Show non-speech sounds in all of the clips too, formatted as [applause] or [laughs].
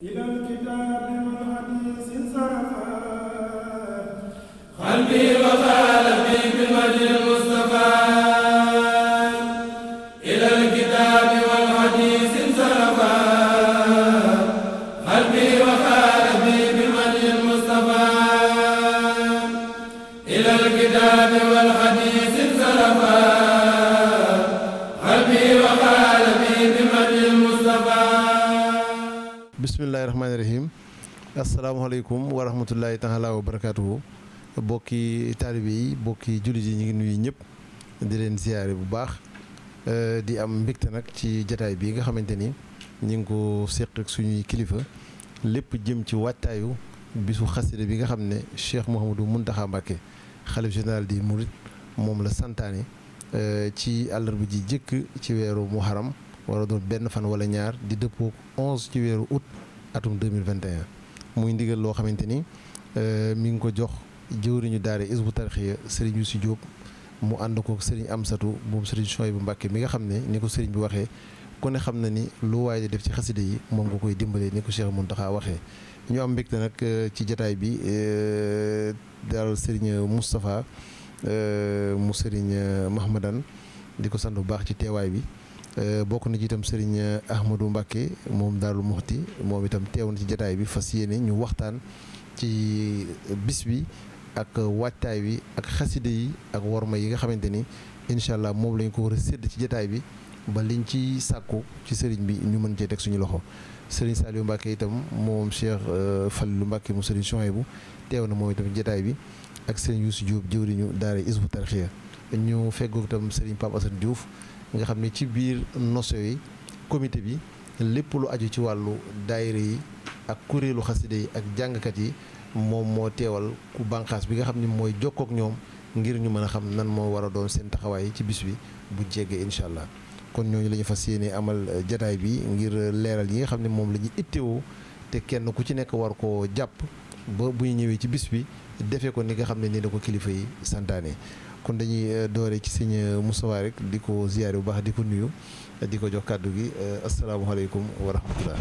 قلبي وقال في بمجد المصطفى asalaamaaleykum wa rahmatullahi taala wa barakaatuhu bokki taalibe yi bokki jullit yi ñu ngi nuyu ñëpp di leen ziyaare bu baax di am mbégte nag ci jataay bi nga xamante ni ñu ngi ko seq ak suñuy kilifa lépp jëm ci waajtaayu bisu xasida bi nga xam ne Cheikh Mouhamadou Mountakha Mbacké xalif général di Mouride moom la santaane ci àllarba ji jëkk ci weeru muharam war a doon benn fan wala ñaar di dëppoo 11 ci weeru août atum 2021 muy ndigal loo xamante ni euh, mi ngi ko jox jëwriñu daara Hizbut Tarqiyyah Serigne Youssou Diop mu ànd ko Serigne Amsatu moom Serigne bu Mbacké mi nga xam ne ni ko Serigne bi waxee ku ne xam na ni lu waay di def ci xasida yi moom nga koy dimbalee ni ko mun Mountakha waxee. ñu am mbégte nag euh, ci jataay bi euh, daal Serigne Moustapha mu Serigne Mahmadan di ko sant bu baax ci teewaay bi. Euh, bokk nañ ci itam Serigne euh, Ahmadou Mbacké moom daalu Muxti moom itam teew na ci jataay bi fas yéene ñu waxtaan ci euh, bis bi ak waajtaay bi ak xaside yi ak worma yi nga xamante ni incha allah moom lañ ko war a sédd ci jataay bi ba liñ ci sàkku ci sëriñ bi ñu mën cee teg suñu loxo sëriñ Saliou Mbacké itam moom Cheikh lu Mbacké mu sëriñ Souhaïbou teew na moom itam jataay bi ak sëriñ Youssou Diop jëwriñu daara Hizbut Tarqiyyah ñu feggoog itam sëriñ Pape Assane Diouf nga xam ne ci biir noso yi comité bi lépp lu aju ci wàllu daayira yi ak kuréelu xaside yi ak jàngkat yi moom moo teewal ku bànqaas bi nga xam ne mooy jokkook ñoom ngir ñu mën a xam nan moo war a doon seen taxawaay ci bis bi bu jéggee incha allah kon ñooñu lañu ñu fas yéene amal jataay bi ngir leeral yi nga xam ne moom lañuy ñu ittewoo te kenn ku ci nekk war koo jàpp ba bu ñu ñëwee ci bis bi defee ko ni nga xam ne ni ko kilifa yi santaane kon dañuy euh, doore ci sëñ euh, Moustapha rek di ko ziyaare bu baax di ko nuyu di ko jox kàddu gi euh, asalaamaaleykum wa rahmatullah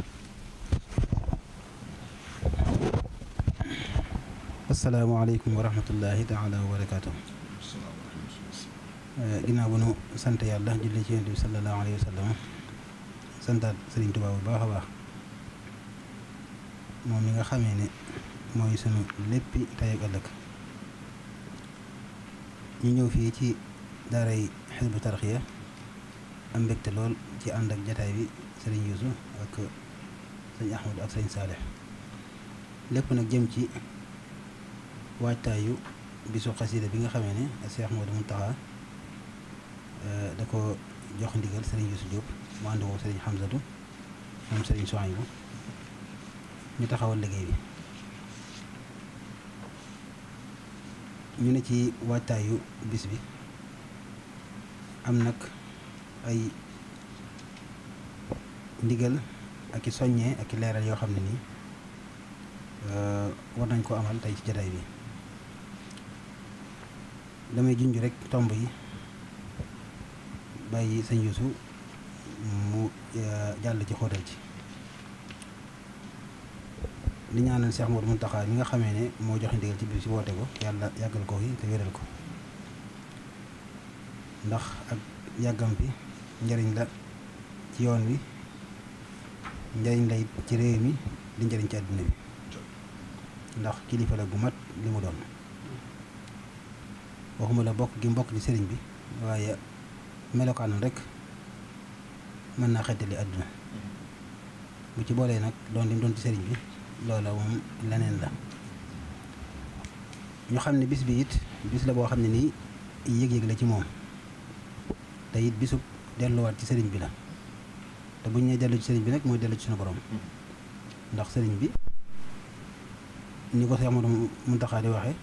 asalaamaaleykum wa rahmatullahi taala barakaatu ginnaaw bu nu sant yàlla julli ci yonent bi sallallahu santaat Sëriñ Tuubaa baax a baax moom mi nga xamee ne mooy sunu léppi tey ëllëg ñu ñëw fii ci daaray xisbu tarxiya am mbégte lool ci ànd ak jataay bi sëriñ Yuusu ak sëriñ Ahmadu ak sëriñ Saalix lépp nag jëm ci waajtaayu bisu xasida bi nga xamee ne Seex Ahmadu Muntaxa euh, da ko jox ndigal sëriñ Yuusu Jóob mu ànd ko sëriñ Xamsatu moom sëriñ Sohaybu ñu taxawal liggéey bi ñu ne ci waajtaayu bis bi am nag ay ndigal ak i soññee ak i leeral yoo xam ne ni euh, war nañ ko amal tey ci jataay bi damay junj rek tomb yi bàyyi sëñ Yuusu mu euh, jàll ci xóotal ci li ñaanal Cheikh Modou taxaar mi nga xamee ne moo joxe ndigal ci biir ci woote ko yàlla yàggal ko yi te wéral ko ndax ak yàggam bi njëriñ la ci yoon wi njëriñ lay ci réew mi di njëriñ ci àddina bi ndax kilifa la gu mat li mu doon waxuma la bokk gi mbokk ci sëriñ bi waaye melokaanam rek mën naa xettali àdduna bu ci boolee nag doon lim mu doon ci sëriñ bi loola moom leneen la ñu xam ne bis bi it bis la boo xam ne nii yëg-yëg la ci moom te it bisu delluwaat ci sëriñ bi la te bu ñu nee dellu ci sëriñ bi nag mooy dellu ci suñu borom ndax sëriñ bi ni ko Seex Amadu Muntaxa waxe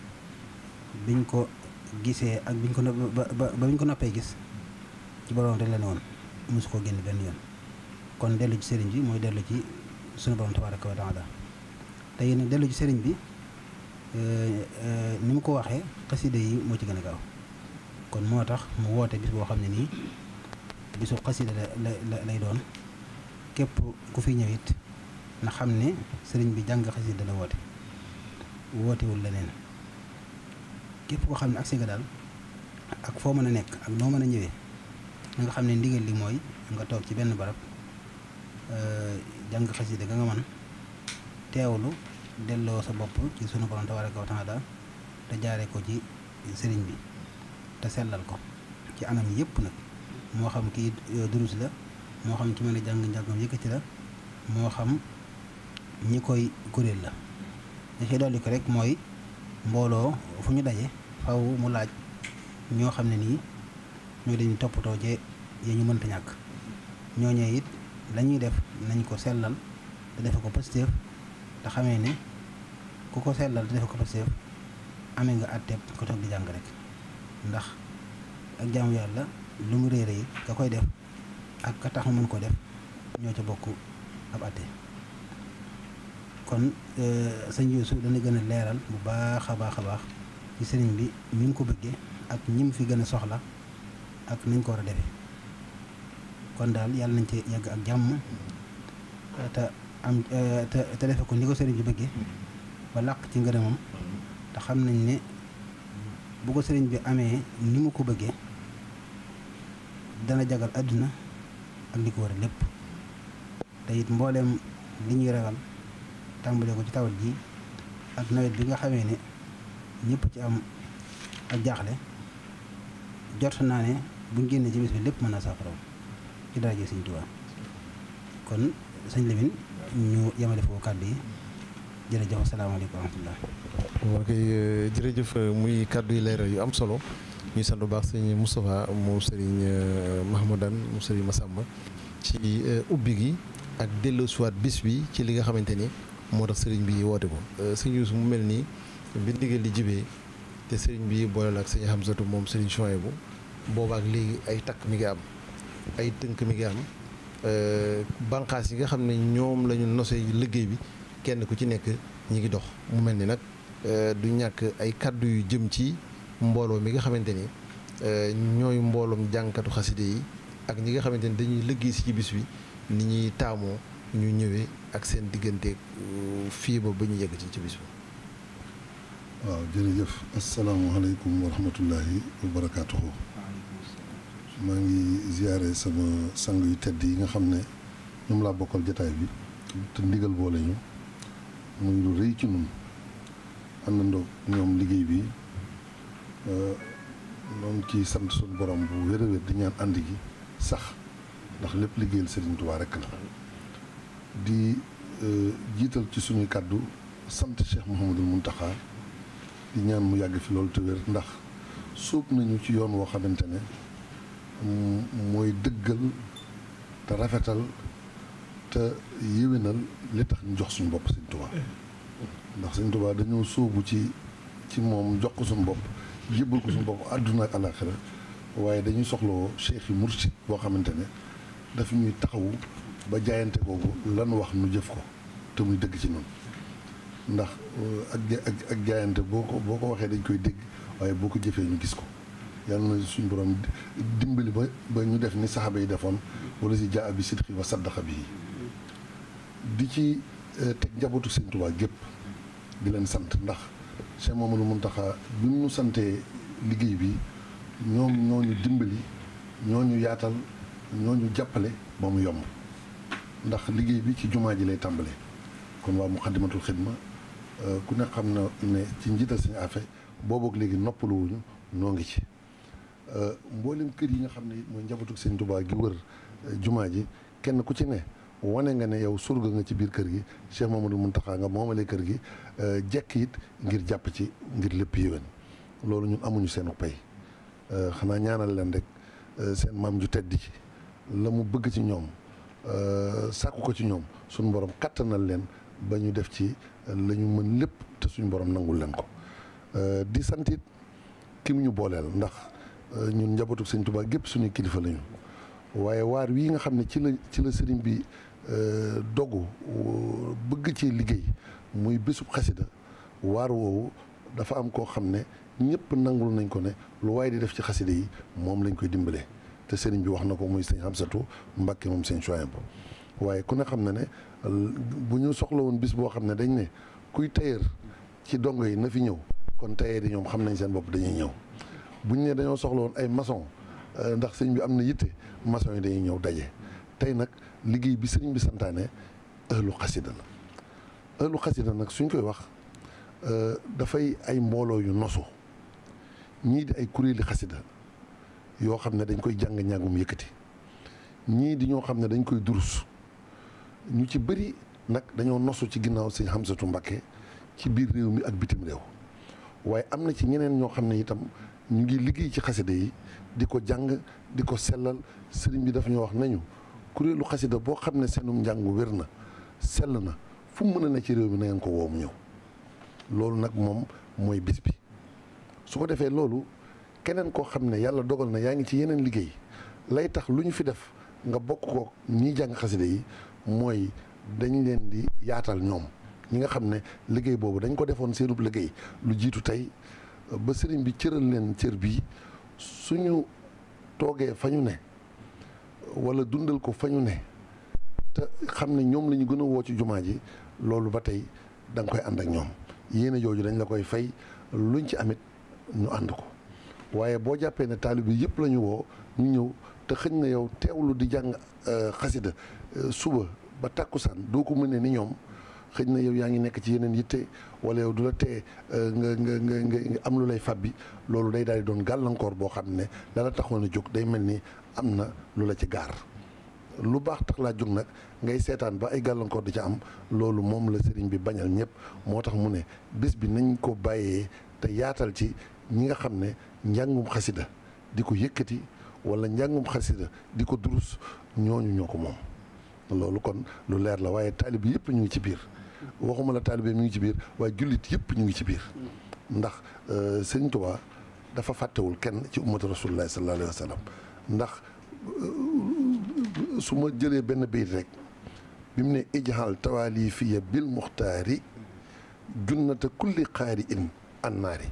biñ ko gisee ak biñ ko ba ko noppee gis ci borom rek la woon mosu koo génn benn yoon kon dellu ci sëriñ bi mooy dellu ci sunu borom tabaaraka wa taala tey nag dellu ci sëriñ bi euh, euh, ni mu ko waxee xasida yi moo ci gën a gaaw kon moo tax mu woote bis boo xam ne nii bisu xasida la lay doon képp ku fi ñëw it na xam ne sëriñ bi jàng xasida la woote wootewul leneen képp koo xam ne ak si nga daal ak foo mën a nekk ak noo mën a ñëwee na nga xam ne ndigal li mooy nga toog ci benn barab euh, jàng xasida ga nga mën teewlu delloo sa bopp ci sunu borom tabaraka wa taala te jaare ko ci sëriñ bi te sellal ko ci anam yëpp nag moo xam kii euh, durus la moo xam ci mën a jàng njàngam yëkkati la moo xam ñi koy kuréel la da ci rek mooy mbooloo fu ñu daje faw mu laaj ñoo xam ne nii ñoo dañu toppatoo ci ya ñu mënta ñàkk ñooñee it lañuy def nañ ko sellal te defe ko positif te xamee ne ku ko seetlal te defe ko paseef amee nga àtteeb ko toog di jàng rek ndax ak jaamu yàlla lu mu réere yi ka koy def ak ka tax mu mën ko def ñoo ca bokk ab àtte kon euh, sëñ Yuusu dana gën a leeral bu baax a baax a baax ci sëriñ bi ni mu ko bëggee ak ñi mu fi gën a soxla ak nañ ko war a defee kon daal yàlla nañ ci yàgg ak jàmm te am euh, te defe ko ni ko sëriñ bi bëggee ba làq ci ngërëmam te xam nañ ne bu ko sëriñ bi amee ni mu ko bëggee dana jagal àdduna ak ni ko war lépp te it mbooleem li ñuy ragal tàmbale ko ci tawal ji ak nawet bi nga xamee ne ñëpp ci am ak jaaxle jot naa ne buñ génnee ci bis bi lépp mën naa saafaraw ci daraje Sëñ Tuubaa kon sëñ Lamine ñu yemale foofu kàddu yi jërëjëf asalaamaaleykum euh, euh, muy kàddu yi leeral yu am solo ñuy sant bu baax sëñ Moustapha mu sëriñ euh, Mahmoudane mu sëriñ Massamba ci ubbi gi ak delloosiwaat bis bi ci li nga xamante ni moo tax sëriñ bi woote ko sëñ Youssou mu mel nii bi ndigal li jibee te sëriñ bi booleel ak sëñ Hamzatu moom sëriñ Chouaïbou bu ak léegi ay takk mi ngi am ay tënk mi ngi am. Euh, banqaas yi nga xam ne ñoom lañu ñu liggéey bi kenn ku ci nekk ñi ngi dox mu mel ni nag euh, du ñàkk ay kàddu yu jëm ci mbooloo mi nga xamante ni euh, ñooy mbooloom jànkatu xaside yi ak ñi nga xamante ni dañuy liggéey si ci bis bi ni ñuy taamoo ñu ñëwee ak seen diggante fii ba ba ñu yegg ci ci bis bi. waaw jërëjëf asalaamaaleykum wa rahmatullahi wa barakaatuhu. maa ngi ziare sama sang yu tedd yi nga xam ne ñoom laa bokkal jataay bi te ndigal boole ñu muy lu rëy ci na àndandoo ñoom liggéey bi ñoom euh, ci sant suñu borom bu wér wér di ñaan ànd gi sax ndax lépp liggéeyal Serigne Touba rek la di euh, jiital ci suñuy kàddu sant Cheikh Mouhamadul Mountakha di ñaan mu yàgg fi loolu te wér ndax suub nañu ci yoon woo xamante ne. mooy dëggal te rafetal te yéwénal li tax ñu jox suñu bopp Sëñ Tuubaa ndax Sëñ Tuubaa dañoo sóobu ci ci moom jox ko suñu bopp jébbal ko suñu bopp àdduna ak alaaxira waaye dañuy soxlawoo cheikh yi mursid boo xamante ne daf ñuy taxawu ba jaayante kooku lan wax nu jëf ko te muy dëgg ci noonu ndax euh, ak ak jaayante boo ko boo ko waxee dañ koy dégg waaye boo ko jëfee ñu gis ko yàlla na suñ borom dimbali ba ba ñu def ni saxaaba yi defoon wala si jaa bi sidqi wa saddaqa yi di ci eh, teg njabootu Sëñ Tuubaa gépp di leen sant ndax Cheikh Mamadou Mountakha bi mu santee liggéey bi ñoom ñoo ñu dimbali ñoo ñu yaatal ñoo ñu jàppale ba mu yomb ndax liggéey bi ci jumaa ji lay tàmbale kon waa Muxaddamatul Xidma eh, ku ne xam na ne ci njiital Sëñ Afe boobook léegi noppaluwuñu noo ngi ci Euh, mboolem kër yi nga xam ne mooy njabootu sëñ Tuubaa gi wër euh, jumaa ji kenn ku ci ne wane nga ne yow surga nga ci biir kër gi Cheikh Mamadou Muntaxa nga moomale kër gi euh, jekk yit ngir jàpp ci ngir lépp yéwén loolu ñun amuñu seen pay xanaa ñaanal leen rek seen maam ju tedd ci la mu bëgg ci ñoom sàkku ko ci ñoom suñu borom kattanal leen ba ñu def ci lañu mën lépp te suñu borom nangul leen ko di santit kim ñu booleel ndax Euh, ñun njabootu sëñ Tuubaa gépp suñuy kilifa lañu waaye waar wii nga xam ne ci la ci la sëriñ bi euh, dogu euh, bëgg ci liggéey muy bésub xasida waar woowu dafa am koo xam ne ñëpp nangul nañ ko ne lu waaye di def ci xasida yi moom lañ koy dimbalee te sëriñ bi wax na ko muy sëñ Amsatu Mbàkke moom sëñ Suwaybu waaye ku ne xam ne ne bu ñu soxla woon bis boo xam ne dañ ne kuy tailleur ci dongo yi na fi ñëw kon tailleur yi ñoom xam nañ seen bopp dañuy ñëw bu ñu nee dañoo soxla woon ay maçon euh, ndax sëñ bi am na yitte maçon yi dañuy ñëw daje tey nag liggéey bi sëriñ bi santaane ëllu xasida la ëllu xasida nag suñ koy wax euh, dafay ay mbooloo yu nosu ñii di ay kuréeli xasida yoo xam ne dañ koy jàng ñàngum yëkkati ñii di ñoo xam ne dañ koy durus ñu ci bëri nag dañoo nosu ci ginnaaw sëñ Hamsatu Mbakke ci biir réew mi ak bitim réew waaye am na ci ñeneen ñoo xam ne itam ñu ngi liggéey ci xasida yi di ko jàng di ko sellal sëriñ bi dafa ñu wax nañu kuréelu xasida boo xam ne seenum njàngu wér na sell na fu mën na ne ci réew mi na ngeen ko woomu mu ñëw loolu nag moom mooy bis bi su ko defee loolu keneen koo xam ne yàlla dogal na yaa ngi ci yeneen liggéey lay tax lu ñu fi def nga bokk ko ñiy jàng xasida yi mooy dañ leen di yaatal ñoom ñi nga xam ne liggéey boobu dañ ko defoon seenub liggéey lu jiitu tey ba sëriñ bi cëral leen cër bii suñu toogee fa ñu ne wala dundal ko fa ñu ne te xam ne ñoom lañu ñu gën a woo ci jumaa ji loolu ba tey da koy ànd ak ñoom yéen a jooju dañ la koy fay luñ ci amit ñu ànd ko waaye boo jàppee ne taalib yi yëpp la woo ñu ñëw te xëñ na yow teewlu di jàng euh, xasida euh, suba ba tàkkusaan doo ko mënee ni ñoom xëj na yow yaa ngi nekk ci yeneen yitte wala yow du la tee euh, nga nga nga nga am lu lay bi loolu day daal di doon gàllankoor boo xam ne la la taxoon a jóg day mel ni am na lu la ci gaar lu baax tax laa jóg nag ngay seetaan ba ay gàllankoor di ci am loolu moom la sëriñ bi bañal ñëpp moo tax mu ne bis bi nañ ko bàyyee te yaatal ci ñi nga xam ne njàngum xasida di ko yëkkati wala njàngum xasida di ko durus ñooñu ñoo ko moom loolu kon lu leer la waaye taalib yëpp ñu ngi ci biir waxuma la taalibe mi ngi ci biir waaye jullit yëpp ñu ngi ci biir ndax euh, sëriñ Tuubaa dafa fàttewul kenn ci ummatu rasulullah sallallahu alayhi ndax euh, su ma jëlee benn bayit rek bi mu ne ijhal tawaalifiya bil muxtaari junnata kulli xaari in annaari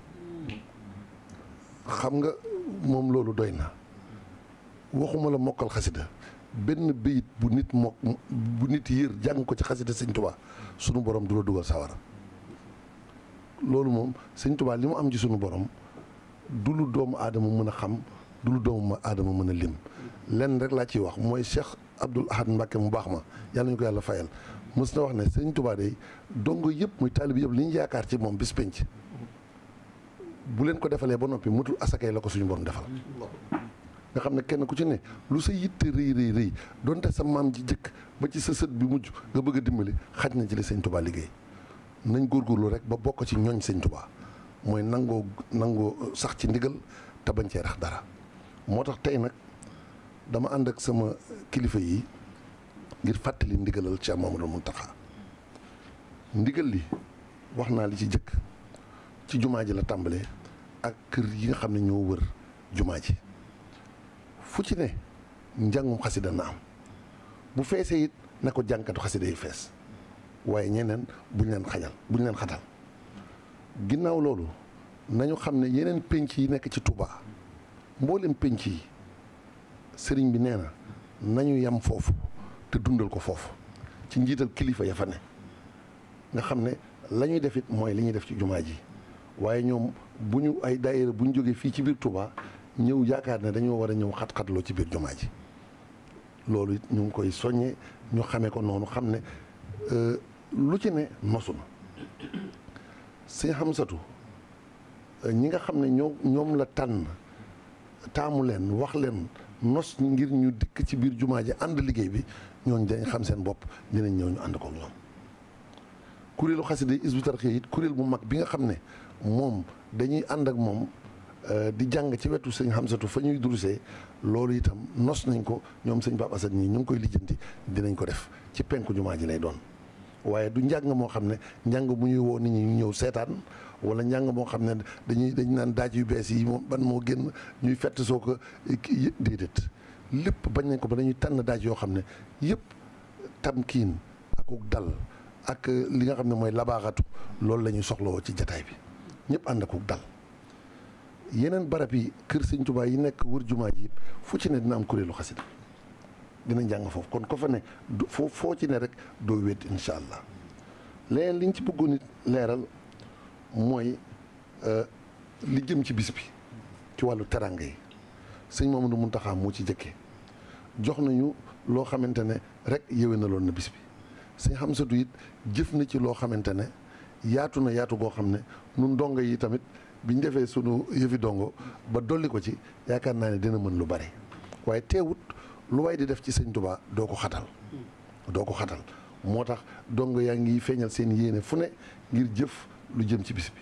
xam nga moom loolu doy na waxuma la mokkal xasida benn bayit bu nit mo bu nit yër jàng ko ci xasida sëñ tubaa sunu borom du la dugal sawara loolu moom sëñ tubaa li mu am ci sunu borom du lu doomu aadama mën a xam du lu doomu aadama mën a lim lenn rek laa ciy wax mooy Cheikh Abdoul Ahad Mbacke mu baax ma yàlla ñu ko yàlla fayal mës na wax ne sëñ tubaa day dongo yëpp muy taalib yëpp liñ ñu yaakaar ci moom bis penc bu leen ko defalee ba noppi mutul asakay la ko suñu borom defal nga xam ne kenn ku ci ne lu sa yitte rëy rëy rëy donte sa maam ji jëkk ba ci sa sët bi mujj nga bëgg a dimbali xaj na ci li sëñ liggéey nañ góorgóorlu rek ba bokk ci ñooñ sëñ Tuubaa mooy nangoo nangoo sax ci ndigal te bañ cee rax dara moo tax tey nag dama ànd ak sama kilifa yi ngir fàttali ndigalal Cheikh Mamadou Mountakha ndigal li wax naa li ci jëkk ci jumaa ji la tàmbalee ak kër yi nga xam ne ñoo wër jumaa ji fu ci ne njàngum xasida na am bu feesee it na ko jànkatu xasida yi fees waaye ñeneen buñ leen xajal buñ leen xatal ginnaaw loolu nañu xam ne ñeneen pénc yi nekk ci Touba mboolem pénc yi sëriñ bi nee na nañu yam foofu te dundal ko foofu ci njiital kilifa ya ne nga xam ne la ñuy def it mooy li ñuy def ci jumaa ji waaye ñoom bu ñu ay daayira bu ñu jógee fii ci biir Touba ñëw yaakaar ne dañoo war a ñëw xat-xatloo ci biir jumaa ji loolu it ñu ngi koy soññee ñu xamee ko noonu xam ne euh, lu ci ne nosu na si satu euh, ñi nga xam ne ñoo ñoom la tànn taamu leen wax leen nos ngir ñu dikk ci biir jumaa ji ànd liggéey bi ñooñ dañ xam seen bopp dinañ ñëw ñu ànd ko ñoom kuréelu xasida Hizbut Tarqiyyah it kuréel bu mag bi nga xam ne moom dañuy ànd ak moom Euh, di jàng ci wetu sëñ Hamsatu fa ñuy durusee loolu itam nos nañ ko ñoom sëñ Pape Assane ñii ñu ngi koy lijjanti dinañ ko def ci penku jumaa ji lay doon waaye du njàng moo xam ne njàng bu ñuy woo nit ñi ñu ñëw seetaan wala njàng moo xam ne dañuy dañ naan daaj yu bees yi moom ban moo génn ñuy fett soo ko déedéet lépp bañ nañ ko ba dañuy tànn daaj yoo xam ne yëpp tamkiin akuk dal ak euh, li nga xam ne mooy labaaxatu loolu la ñuy soxlawoo ci jataay bi ñëpp ànd akuk dal yeneen barab yi kër sëñ Tuubaa yi nekk wër jumaa ji fu ci ne dina am kuréelu xasida dina njàng foofu kon ko fa ne foo foo ci ne rek doo wéet incha allah léegi liñ ci bëggoon nit leeral mooy euh, li jëm ci bis bi ci wàllu teranga yi sëñ Mamadou Muntaxa moo ci jëkkee jox nañu loo xamante ne rek yéwénaloon na loon bis bi sëñ Xamsatu it jëf na ci loo xamante ne yaatu na yaatu goo xam ne nun ndongo yi tamit bi ñu defee sunu yëfi dongo ba dolli ko ci yaakaar naa ne dina mën lu bari waaye teewut lu waay di def ci sëñ Tuubaa doo ko xatal doo ko xatal moo tax dongo yaa ngi feeñal seen yéene fu ne ngir jëf lu jëm ci bis bi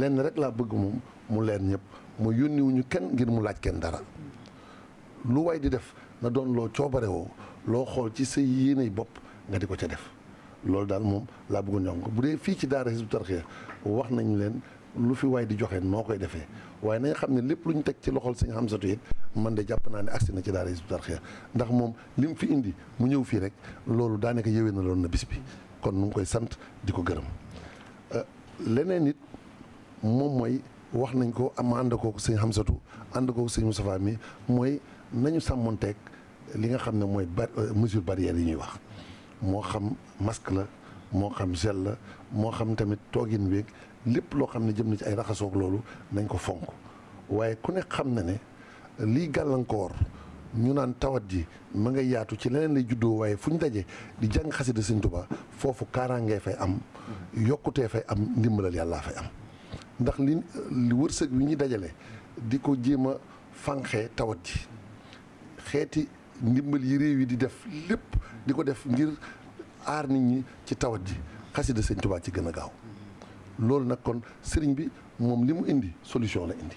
lenn rek laa bëgg moom mu leen ñëpp mu yónniwuñu kenn ngir mu laaj kenn dara lu waay di def na doon loo coobare woo loo xool ci sa yéeney bopp nga di ko ca def loolu daal moom laa bëggoon ñoom ko bu dee fii ci daara Hizbut Tarqiyyah wax nañ leen lu fi waaye di joxe noo koy defee waaye nañ xam ne lépp lu ñu teg ci loxol sëñ Hamsatu it man de jàpp naa ne agsi na ci daara Hizbut Tarqiyyah ndax moom li mu fi indi mu ñëw fii rek loolu daanaka yéwee na loon na bis bi kon nu ngi koy sant di ko gërëm euh, leneen it moom mooy wax nañ ko ama ànd kook sëñ Hamsatu ànd kook sëñ Moustapha mi mooy nañu sàmmonteeg li nga xam ne mooy ba euh, mesure barrière yi ñuy wax moo xam masque la moo xam gel la moo xam tamit toogin beeg lépp loo xam ne jëm na ci ay raxasoog loolu nañ ko fonk waaye ku nekk xam na ne lii gàllankoor ñu naan tawat ji ma nga yaatu ci leneen lay juddoo waaye fu ñu daje di jàng xasida Sëñ Tuubaa foofu kaaraangee fay am yokkutee fay am ndimbalal yàllaa fay am ndax li li wërsëg wi ñuy dajale di ko jéem a fanqee tawat ji xeeti ndimbal yi réew yi di def lépp di ko def ngir aar nit ñi ci tawat ji xasida Sëñ Tuubaa ci gën a gaaw loolu nag kon sëriñ bi moom li mu indi solution la indi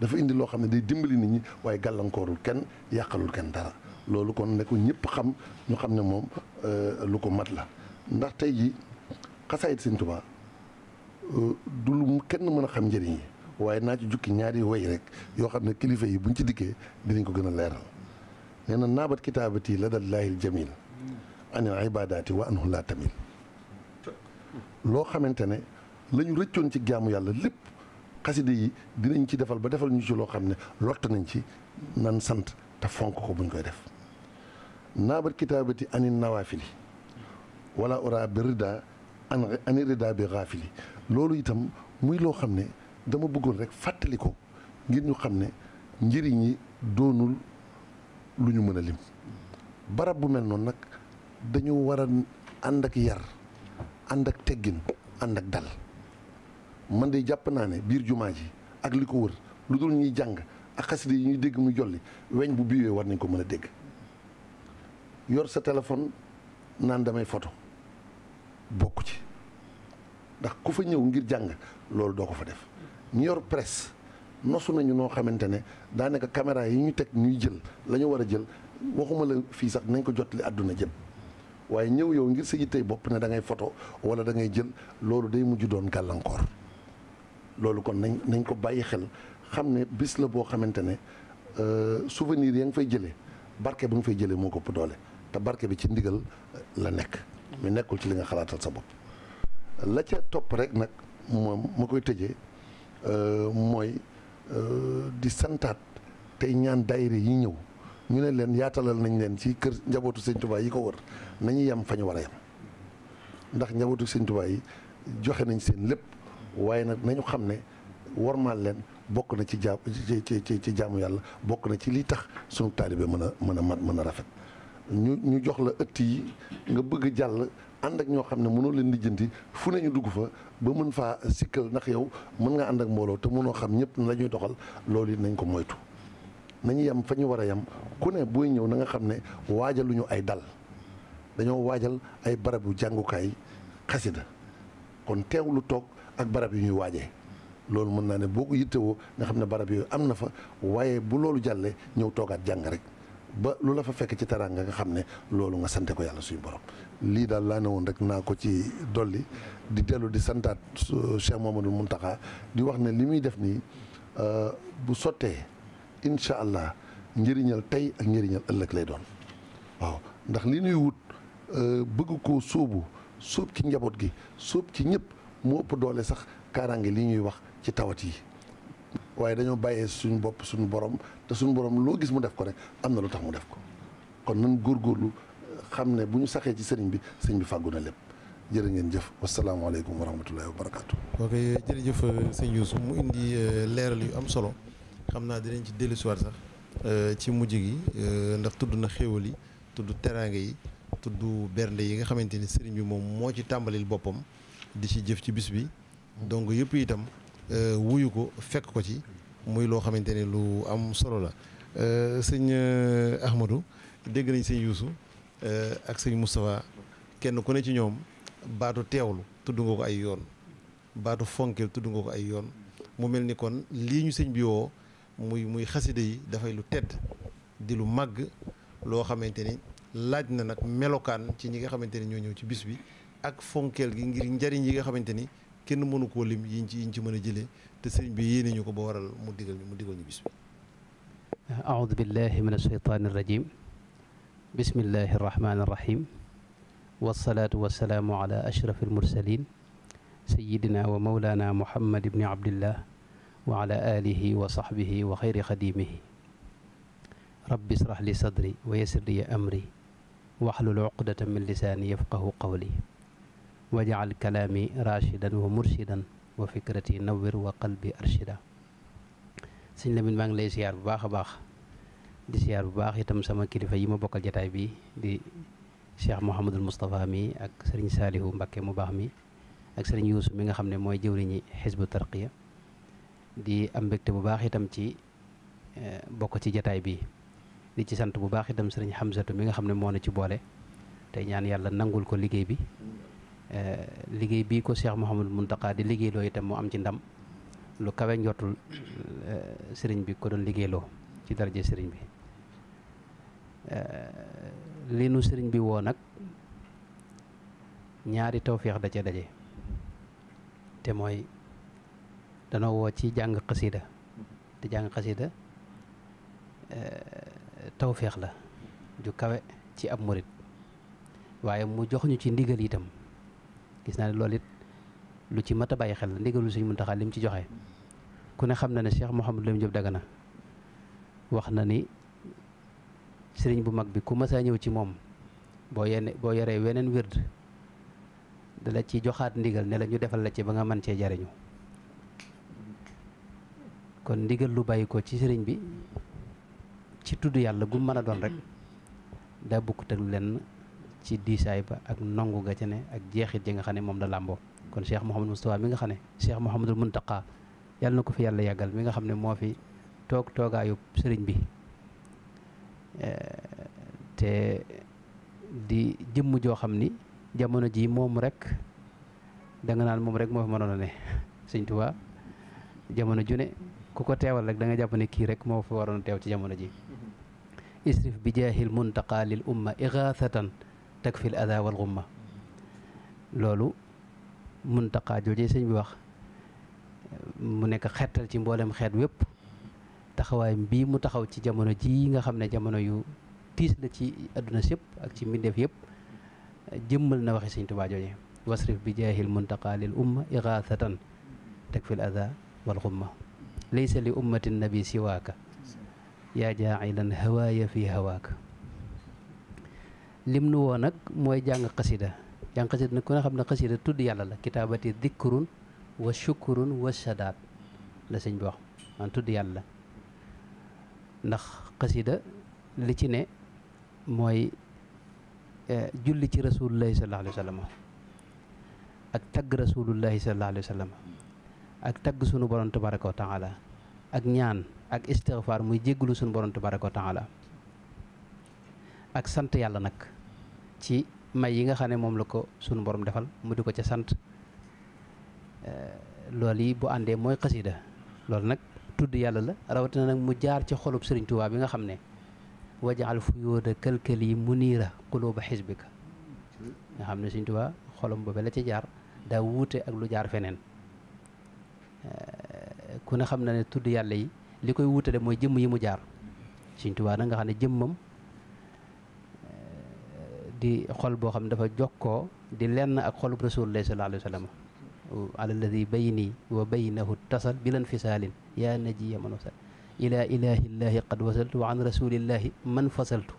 dafa indi loo xam ne day dimbali nit ñi waaye gàllankoorul kenn yàqalul kenn dara loolu kon ne ko ñëpp xam ñu xam ne moom euh, lu ko mat la ndax tey ji xasaayit Sëriñ Tuubaa euh, du lu kenn mën a xam njëriñ yi waaye naa ci jukki ñaari way rek yoo xam ne kilifa yi buñ ci dikkee dinañ ko gën a leeral nee na naabat kitaabatii la dallaahil jamil anil ibadaati wa noonu laa tamil loo xamante ne la ñu rëccoon ci jaamu yàlla lépp xasida yi dinañ ci defal ba defal ñu ci loo xam ne lott nañ ci nan sant te fonk ko buñ koy def naabar kitaabati ani nawaafili wala ora bi rida ani rida bi xaafili loolu itam muy loo xam ne dama bëggoon rek fàttali ko ngir ñu xam ne njëriñ yi doonul lu ñu mën a lim barab bu mel noonu nag dañu war a ànd ak yar ànd ak teggin ànd ak dal man de jàpp naa ne biir jumaa ji ak li ko wër lu dul ñuy jàng ak xasida yi ñuy dégg mu jolli weñ bu biiwee war nañ ko mën a dégg yor sa téléphone naan damay photo bokk ci ndax ku fa ñëw ngir jàng loolu doo ko fa def ñu yor presse nosu nañu noo xamante ne daanaka caméra yi ñu teg ñuy jël lañu war a jël waxuma la fii sax nañ ko jotali àdduna jëpp waaye ñëw yow ngir sa yittey bopp ne da ngay photo wala da ngay jël loolu day mujj doon gàllankoor loolu kon nañ nañ ko bàyyi xel xam ne bis la boo xamante ne euh, souvenir ya nga fay jëlee barke ba nga fay jëlee moo ko ëpp doole te barke bi ci ndigal euh, la nekk mu nekkul ci li nga xalaatal sa bopp la ca topp rek nag moom ma koy tëjee euh, mooy di santaat tey ñaan daayira yi ñëw ñu ne leen yaatalal nañ leen ci kër njabootu sëñ Tuubaa yi ko wër nañu yem fa war a yem ndax njabootu sëñ Tuubaa yi joxe nañ seen lépp waaye nag nañu xam ne wormaal leen bokk na ci jaam ci ci ci jaamu yàlla bokk na ci li tax sunu taalibe mën a mën a mat mën a rafet ñu ñu jox la ëtt yi nga bëgg jàll ànd ak ñoo xam ne mënoo leen lijjanti fu ne ñu dugg fa ba mën faa sikkal ndax yow mën nga ànd ak mbooloo te mënoo xam ñëpp la ñuy doxal loolu yi nañ ko moytu nañu yem fa ñu war a yem ku ne booy ñëw nanga xam ne waajaluñu ay dal dañoo waajal ay barabu jàngukaay xasida kon teewlu toog ak barab yu ñuy waaje loolu mën naa ne boo ko yittewoo nga xam ne barab yooyu am na fa waaye bu loolu jàllee ñëw toogaat jàng rek ba lu la fa fekk ci teraanga nga xam ne loolu nga sante ko yàlla suñu borom lii daal laa ne woon rek naa ko ci dolli di dellu di santaat su euh, Cheikh mun taxaa di wax ne li muy def nii euh, bu sottee incha allah njëriñal tey ak njëriñal ëllëg lay doon waaw ndax li nuy wut euh, bëgg ko sóobu sóob ci njaboot gi sóob ci ñëpp moo ëpp doole sax kaaraange li ñuy wax ci tawat yi waaye dañoo bàyyee suñu bopp suñu borom te suñu borom loo gis mu def ko rek am na lu tax mu def ko kon nan góorgóorlu xam ne bu ñu saxee ci sëriñ bi sëñ bi fàggu na lépp jërë ngeen jëf wasalaamaaleykum wa rahmatullahi wa barakaatu. ok jërëjëf euh, sëñ Youssou mu indi euh, leeral yu am solo xam naa dinañ ci dellu si waat sax euh, ci mujj gi ndax tudd na xéwal yi tudd teraange yi tudd bernde yi nga xamante ni sëriñ bi moom moo ci tàmbalil boppam. di ci jëf ci bis bi donc yëpp itam euh, wuyu ko fekk ko ci muy loo xamante ne lu am solo la euh, sëñ euh, Ahmadou dégg nañ sëñ Youssou ak sëñ Moustapha kenn ku ne ci ñoom baatu teewlu tudd nga ko ay yoon baatu fonkel tudd nga ko ay yoon mu mel ni kon lii ñu sëñ bi woo muy muy yi dafay lu tedd di lu màgg loo xamante ni laaj na nag melokaan ci ñi nga xamante ni ñoo ñëw ci bis bi ak fonkeel gi ngir njariñ yi nga xamante ni kenn mënu koo lim yiñ ci yiñ ci mën a jëlee te sëriñ bi yéene ñu ko ba waral mu digal mu digal ñu bis bi aoudu billahi min alsheytaani irrajim bismillahi arrahmani irrahim wasalaatu wasalaamu ala ashraf almursalin sayidina wa maulana muhammad ibni abdillah wa ala alihi wa sahbihi wa xayri xadimihi rabbi israh li sadri wa yassir li amri waxlul uqdatan min lisaani yafqahu qawli wajal kalaami rachidan wa murshidan wa fikrati nawwir wa qalbi arshida sëñ Lamine maa ngi lay siyaar bu baax a baax di siyaar bu baax itam sama kilifa yi ma bokkal jataay bii di cheikh Mouhamadul Moustapha mii ak sëriñ Saalihu Mbakke mu baax mi ak sëriñ Yuusu mi nga xam ne mooy jëwriñi xisbu tarqiya di am mbégte bu baax itam ci eh, bokk ci jataay bi di ci sant bu baax itam sëriñ Hamzatu mi nga xam ne moo na ci boole tey ñaan yàlla nangul ko liggéey bi Eh, liggéey bii ko Cheikh Mouhamadou Mountakha di liggéeyloo itam mu am ci ndam lu kawe njottul eh, sëriñ bi ko doon liggéeyloo ci daraje sëriñ bi eh, li nu sëriñ bi woo nag ñaari tawféex da ca daje te mooy danoo woo ci jàng xasida te jàng xasida tawféex la ju kawe ci ab murit waaye mu jox ñu ci ndigal yitam gis naa ne lool it lu ci mat a bàyyi xel la ndigalul Sëriñ Muntaxa li mu ci joxe ku ne xam na ne seex Cheikh Mouhamadou Lamine Diop Dagana wax na ni sëriñ bu mag bi ku mës a ñëw ci moom boo yenn boo yoree weneen wird dala ci joxaat ndigal ne la ñu defal la ci ba nga man cee jariñu kon ndigal lu bàyyi ko ci sëriñ bi ci tudd yàlla gu mën a doon rek daa bukk tëg lenn ci diisaay ba ak nongu ga ak jeexit ji nga xam ne moom la làmboo kon Cheikh Mouhamadou Moustapha mi nga xam ne Cheikh Mouhamadul Muntaqa yàlla na ko fi yàlla yàggal mi nga xam ne moo fi toogaayu sëriñ bi eh, di jëmm joo xam ni jamono ji moom rek da naan moom rek moo fi mënoon a ne [laughs] sëñ Tuubaa jamono ju ne ku ko teewal rek da nga jàpp kii rek moo fi waroon teew ci jamono ji mm-hmm. isrif bi jaahil muntaqa lil umma igaathatan takfil ada wal xumma loolu muntaqaa jooje sëñ bi wax mu nekk xeetal ci mboolem xeet wépp taxawaay bii mu taxaw ci jamono ji nga xam ne jamono yu tiis la ci àdduna sépp ak ci mbindeef yëpp jëmmal na waxi sëñ Tuubaa jooje wasrif bi jaahil muntaqaa lil umma ixaasatan takfil ada wal xumma laysa li ummatin nabi siwaaka yaa jaacilan hawaaya fi hawaaka lim nu woo nag mooy jàng xasida jàng xasida nag ku ne xam ne xasida tudd yàlla la kitaabati dikrun wa shukurun wa sadaat la sëñ bi wax man tudd yàlla ndax xasida li ci ne mooy eh, julli ci rasulullahi sallallahu alayhi wa sallam ak tagg rasulullahi sallallahu alayhi wa sallam ak tagg sunu borom tabaraka wa taala ak ñaan ak istighfar muy jégglu sunu borom tabaraka wa taala ak sant yàlla nag ci may yi nga xam ne moom la ko sunu borom defal mu di ko ca sant eh, lool yi bu àndee mooy xasida loolu nag tudd yàlla la rawatina nag mu jaar ci xolub Sëriñ Tuubaa bi nga xam ne wajaal fuyóoda këlkël yi mu niira xulóoba xisbika nga xam ne Sëriñ Tuubaa xolom boobe la ci jaar daa wuute ak lu jaar feneen eh, ku ne xam na ne tudd yàlla yi li koy wuutale mooy jëmm yi mu jaar Sëriñ Tuubaa nag nga xam ne jëmmam di xol boo xam ne dafa jokkoo di lenn ak xolub rasulullah sallallahu alayhi wa sallam ala alladi bayni wa baynahu tasal bilan fisaalin yaa najiya man wasal ila ilahillahi qad wasaltu wa man fasaltu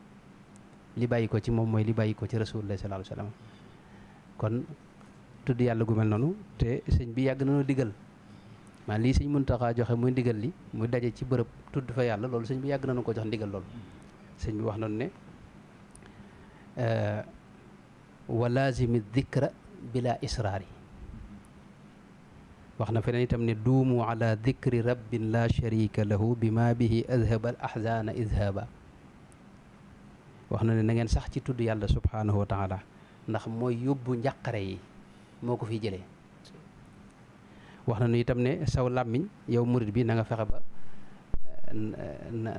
li bàyyi ko ci moom mooy li bàyyi ko ci rasulullah sallallahu kon tudd yàlla gu mel noonu te sëñ bi yàgg nañoo digal maa lii sëñ Muntaxa joxe muy digal li muy daje ci bërëb tudd fa yàlla loolu sëñ bi yàgg nañu ko jox ndigal loolu sëñ bi wax nañu ne wa laazimi dikra bila wax na feneen itam ne duumu ala dikri rabbin la sharika lahu bi bihi adhaba al ahzana idhaba wax na ne na ngeen sax ci tudd yàlla subhanahu wa ndax mooy yóbbu njàqare yi moo ko fi jëlee wax na nu itam ne saw làmmiñ yow murit bi nanga fexe ba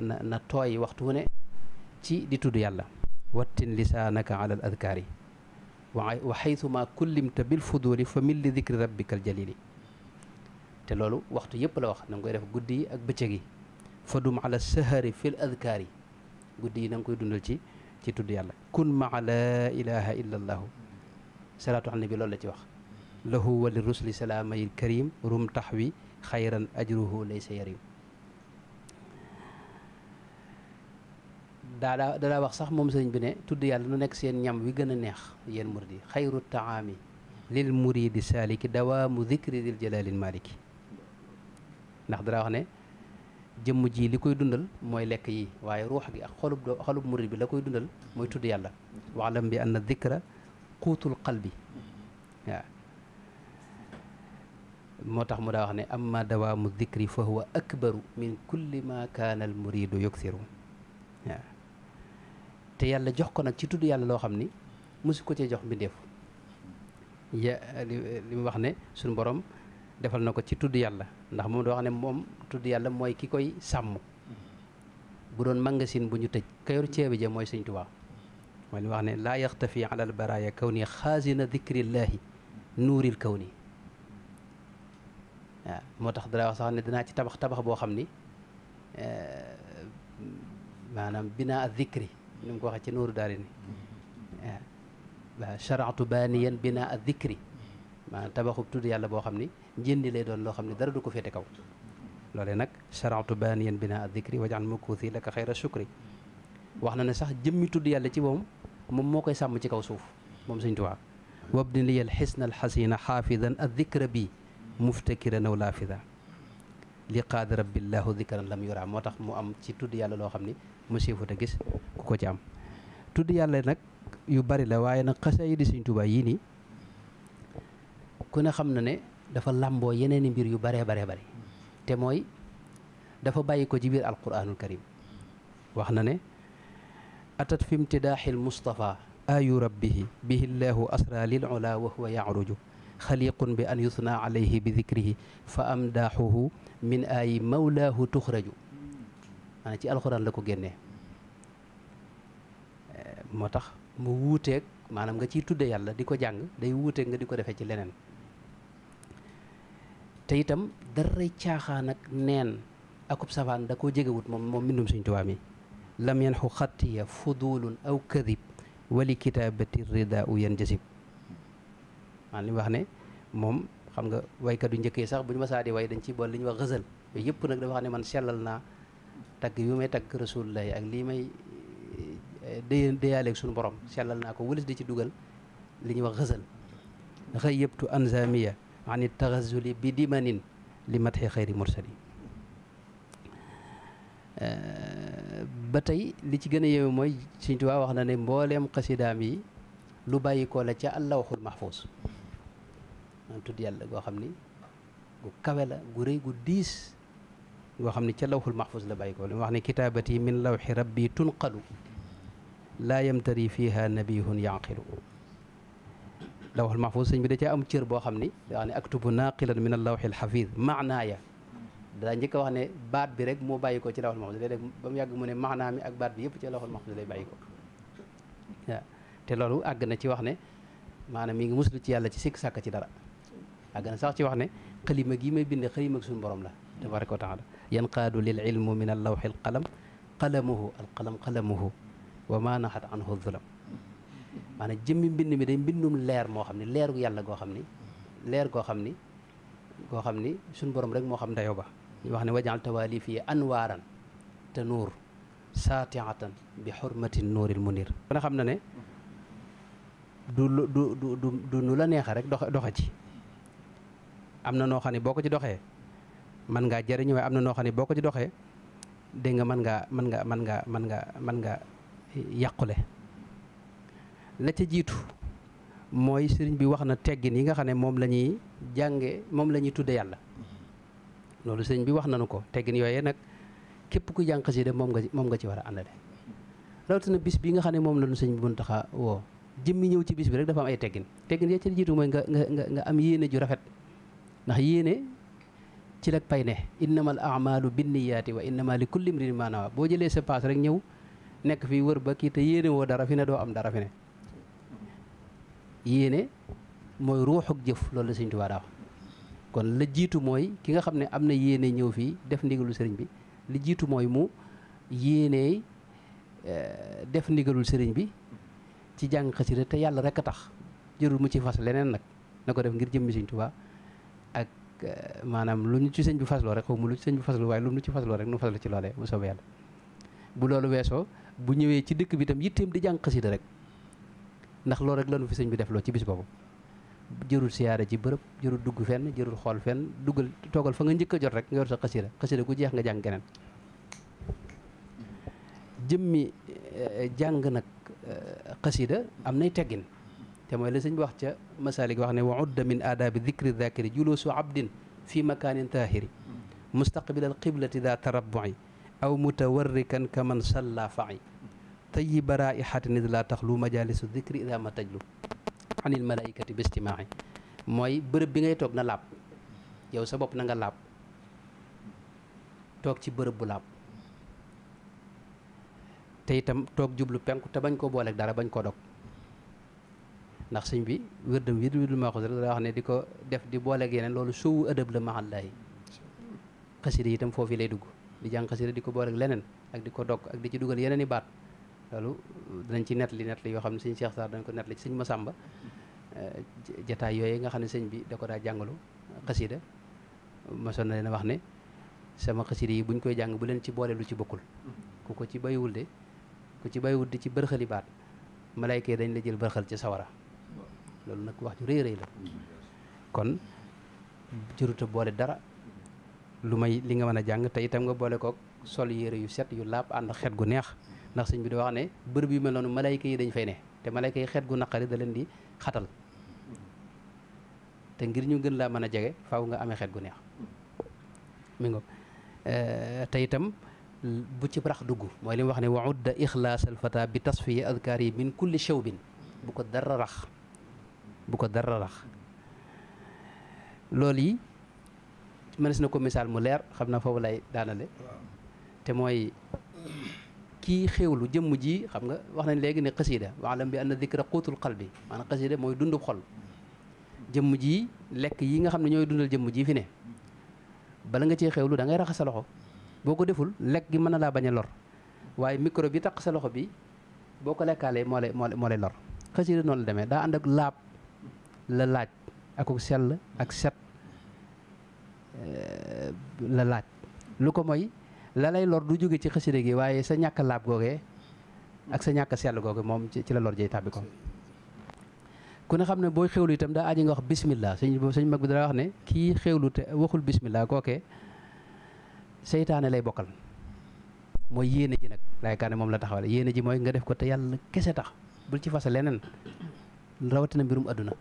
na tooy waxtu wu ne ci di tudd yàlla wattin lisaanaka ala al adkaari wa xaytuma kullimta bil fuduuli fa min li dikri rabbikal jalili te loolu waxtu yëpp la wax na koy def guddi yi ak bëccëg yi fadum ala sahari fil adkaari guddi yi na koy dundal ci ci tudd yàlla kun maa laa ilaha illa salaatu ala nabi loolu la ci wax lahu wa li rusli salaamayil karim rum taxwi xayran ajruhu laysa yarim daa daa wax sax moom sëriñ bi ne tudd yàlla lu nekk seen ñam wi gën a neex yéen murid yi xayru taami lil muridi saaliki dawaamu dikri dil jalaalil maliki ndax dara wax ne jëmm ji li koy dundal mooy lekk yi waaye ruux gi bi la koy dundal mooy tudd yàlla waxlam bi anna dikra quutul qalbi waaw moo tax mu daa wax ne amma dawaamu dikri fa huwa akbaru min kulli ma kaana al muridu yukthiru te yàlla jox ko nag ci tudd yàlla loo xam ni mosu ko cee jox mbindeef ya li mu wax ne suñu borom defal na ko ci tudd yàlla ndax moom da wax ne moom tudd yàlla mooy ki koy sàmm bu doon magasin bu ñu tëj kayor ceebi ja mooy sëñ Tuubaa mooy wax ne laa yaxtafi ala al baraya kaw nii xaasina dikrillaahi nuuril kaw nii moo tax dara wax sax ne dinaa ci tabax tabax boo xam ni eh, maanaam binaa dikri ni mu ko waxee ci nooru daari ni waaw charatu baaniyan bina ak dikri maanaam tabaxub tudd yàlla boo xam ni njëndi lay doon loo xam ne dara du ko féete kaw loolee nag charatu baaniyan bina ak dikri wajaan makuuthi laka xayra shukri wax na ne sax jëmmi tudd yàlla ci moom moom moo koy sàmm ci kaw suuf moom Sëñ Tuubaa wabni liyal xisna alxasina xaafidan ak dikra bi muftakiran aw laafida li qaad rabbillahu dikran lam yura moo tax mu am ci tudd yàlla loo xam ni monsieur Fouta gis ku ko ci am tudd yàlla nag yu bari la waaye nag xasaayidi Sëñ Tuubaa yii nii ku ne xam na ne dafa làmboo yeneeni mbir yu baree bare bari te mooy dafa bàyyi ko ci biir alquranul karim wax na ne atat fi imtidaaxil mustafa ayu rabbihi bihi llahu asra lil ula wa huwa yaruju xaliqun bi an yusna alayhi bi dikrihi fa amdaaxuhu min ayi mawlaahu tuxraju maanaam ci alxuraan la ko génnee eh, moo tax mu wuuteeg maanaam nga ciy tudde yàlla di ko jàng day wuuteeg nga di ko defee ci leneen te itam daray caaxaan ak neen akub safaan da koo moom moom mbindum Sëñ mi lam yanxu xattiya fudulun aw kadib wali kitaabati rida u yan wax ne moom xam nga waykat yu njëkkee sax bu ñu masaa di way dañ ci bool li wax xësal yooyu nag dafa xam ne man sellal naa tagg yu may tagg rasulullahi ak lii may eh, eh, déy sunu borom sellal naa ko wëlis di ci dugal li ñuy wax xësal xëyyëbtu anzamiya ani taxazuli bi dimanin li matxi xayri mursali eh, ba tey li ci gën a yéeme mooy Sëriñ Tuubaa wax na ne mbooleem xasidaam yi lu bàyyi ko la ca allawxul mahfuus maanaam tudd yàlla goo xam ni gu kawe la gu rëy gu diis boo xam ne ca lawxul mahfuz la bàyyi ko li wax ne kitaabati min lawxi rabbi tunqalu laa yamtari fiha nabihun yanqilu lawxul mahfuz sëñ bi da caa am cër boo xam ni daa wax ne aktubu naaqilan min a lawxil xafiz ya daa njëkk wax ne baat bi rek moo bàyyi ko ci lawxul mahfuz léeg-léeg ba mu yàgg mu ne maanaa mi ak baat bi yëpp ci lawxul mahfuz lay bàyyi ko te loolu àgg na ci wax ne maanaam mi ngi muslu ci yàlla ci sikk sàkk ci dara àgg na sax ci wax ne xalima gi may bind xalima ak borom la tabaraka wa taala yanqaadu lil ilmu min al lawxi al qalam qalamuhu al qalam qalamuhu wa ma naxat anhu zulam maanaam jëmmi mbind mi day mbindum leer moo xam ne leeru yàlla goo xam ni leer goo xam ni goo xam ni suñ boroom rek moo xam dayoo ba ñu wax ne wajal tawaali fii anwaaran te nuur saatiatan bi xurmati nuuril munir dana xam na ne du du du du nu la neexa rek doxe doxe ci am na noo xam ne boo ko ci doxee man ngaa jëriñu waaye am na noo xam ne boo ko ci doxee dégg nga mën ngaa mën nga man ngaa mën nga man nga yàqule la jiitu mooy sëriñ bi wax na teggin yi nga xam ne moom la ñuy jànge moom la ñuy tudde yàlla loolu sëriñ bi wax nañu ko teggin yooyee nag képp ku jàng xasida moom nga moom nga ci war a àndale rawatina bis bi nga xam ne moom la ñu sëriñ bi mën taxa woo jëmmi ñëw ci bis bi rek dafa am ay teggin teggin ya ca jiitu mooy nga nga nga am yéene ju rafet ndax yéene ci lak pay ne innamal amalu binniyaati wa innama li kulli imrin ma nawa boo jëlee sa paas rek ñëw nekk fii wër ba kii te yéene woo dara fi ne doo am dara fi ne yéene mooy ruuxuk jëf loolu la sëñ Tuubaa kon la jiitu mooy ki nga xam ne am na yéene ñëw fii def ndigalul sëriñ bi li jiitu mooy mu yéene eh, def ndigalul sëriñ bi ci jàng xasida te yàlla rek a tax jërul mu ci fas leneen nag na ko def ngir jëmmi siñ tubaa Eh, maanaam lu ñu ci sëñ bi fasloo rek xaw ma lu ci sëñ bi fasloo waaye lu ñu ci fasloo rek nu faslu ci loolee bu soobee yàlla bu loolu weesoo bu ñëwee ci dëkk bi itam yitteem di jàng xasida rek ndax loolu rek lanu fi sëñ bi def defloo ci bis boobu jërul siyaare ci bërëb jërul dugg fenn jërul xool fenn dugal toogal fa nga njëkk a jot rek nga yor sa xasida xasida ku jeex nga jàng keneen jëmmi eh, jàng nag eh, xasida am nay teggin te mooy la sañ bi wax ca masaalik wax ne wa udda min aadaabi a dakiri julusu abdin fi makaanin taahiri mustaqbilal qiblati daa tarabbuci aw mutawarrikan kaman salla faci tayiba raihatin id laa taxlu majalisu dicri ida ma tajlu a malaikati bi istimaaci mooy bërëb bi ngay toog na laab yow sa bopp na nga toog ci bërëb bu laab te itam toog jublu penku te bañ ko booleeg dara bañ koo dog ndax sëñ bi wérdam wid widul maaxus rek daa wax ne di ko def di booleeg yeneen loolu sowu ëdëb la maxallaayi xasida itam foofu lay dugg di jàng xasida di ko booleeg leneen ak di ko dog ak di ci dugal yeneen i baat loolu dinañ ci nettali nettali yoo xam ne sëñ Cheikh Sarr dañ ko nettali ci sëñ Masamba eh, jataay yooyu nga xam ne sëñ bi da ko daa jàngalu xasida mosoon na leen wax ne sama xasida yi buñ koy jàng bu leen ci boole lu ci bokkul ku ko ci bayiwul de ku ci bayiwul di ci bërxali baat malaayka yi dañ la jël bërxal ci sawara loolu nag wax ju rëy rëy la kon jëruta boole dara lu may li nga mën a jàng te itam nga boole kook sol yére yu set yu laab ànd xet gu neex ndax sëñ bi di wax ne bërëb yu mel noonu malayka yi dañ fay ne te malayka yi xet gu naqari da leen di xatal te ngir ñu gën laa mën a jege faw nga amee xet gu neex mi ngoog eh, te itam bu ci rax dugg mooy li mu wax ne wa udda ixlaas al bi tasfiya adkaar yi min kulli shawbin bu ko dara rax bu ko dara rax loolu yi mënees na ko misaal mu leer xam na foofu lay daanale te mooy kii xéewlu jëmm ji xam nga wax nañ léegi ne xasiida waalam bi anna dikra quutul qalbi a xasiida mooy dundub xol jëmm ji lekk yi nga xam ne ñooy dundal jëmm ji fi ne bala nga cee xéewlu da ngay raxas sa loxo boo ko deful lekk gi mën na laa bañ a lor waaye micro bi taq sa loxo bi boo ko lekkaalee moo lay moo lay lor xasiida noonu la demee daa ànd la laaj akuk sell ak set eh, la laaj lu ko mooy la lay lor du jóge ci xasida gi waaye sa ñàkk laab googee ak sa ñàkk sell googe moom ci la lor jëy tàbbi ko ku ne xam ne booy xewlu itam daa aji nga wax bismillah sëñ sëñ mag bi dara wax ne kii xewlu te waxul bismillah kookee seytaane lay bokkal mooy yéene ji nag laaykaane moom la taxawale yéene ji mooy nga def ko te yàlla kese tax bul ci fasa leneen rawatina mbirum àdduna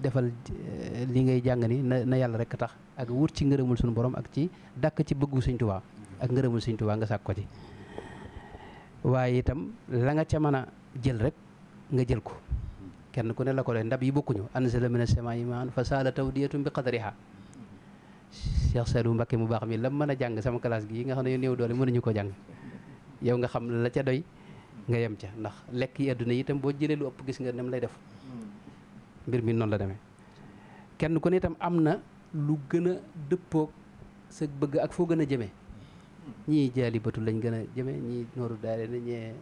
defal eh, li ngay jàng ni na na yàlla rek tax ak wut ci ngërëmul sunu borom ak ci dàkk ci bëggu Sëñ Tuubaa ak ngërëmul Sëñ Tuubaa nga sàkk ko ci waaye itam la nga ca mën a jël rek nga jël ko kenn ku ne la ko doy ndab yi bokkuñu anzala mina samaa'i maa'an fa saala tawdiyatun bi qadriha Cheikh Sadou Mbacké mu baax mi lam mën a jàng sama classe gi nga xam ne yow néew doole mënuñu ko jàng yow nga xam la ca doy nga yem ca ndax lekk yi àdduna yi itam boo jëlee lu gis nga nem lay def mbir mi noonu la demee kenn ku ne itam am na lu gën a dëppoog sa bëgg ak foo gën a jëmee ñii jaalibatu lañ gën a jëmee ñii nooru daare ne ñee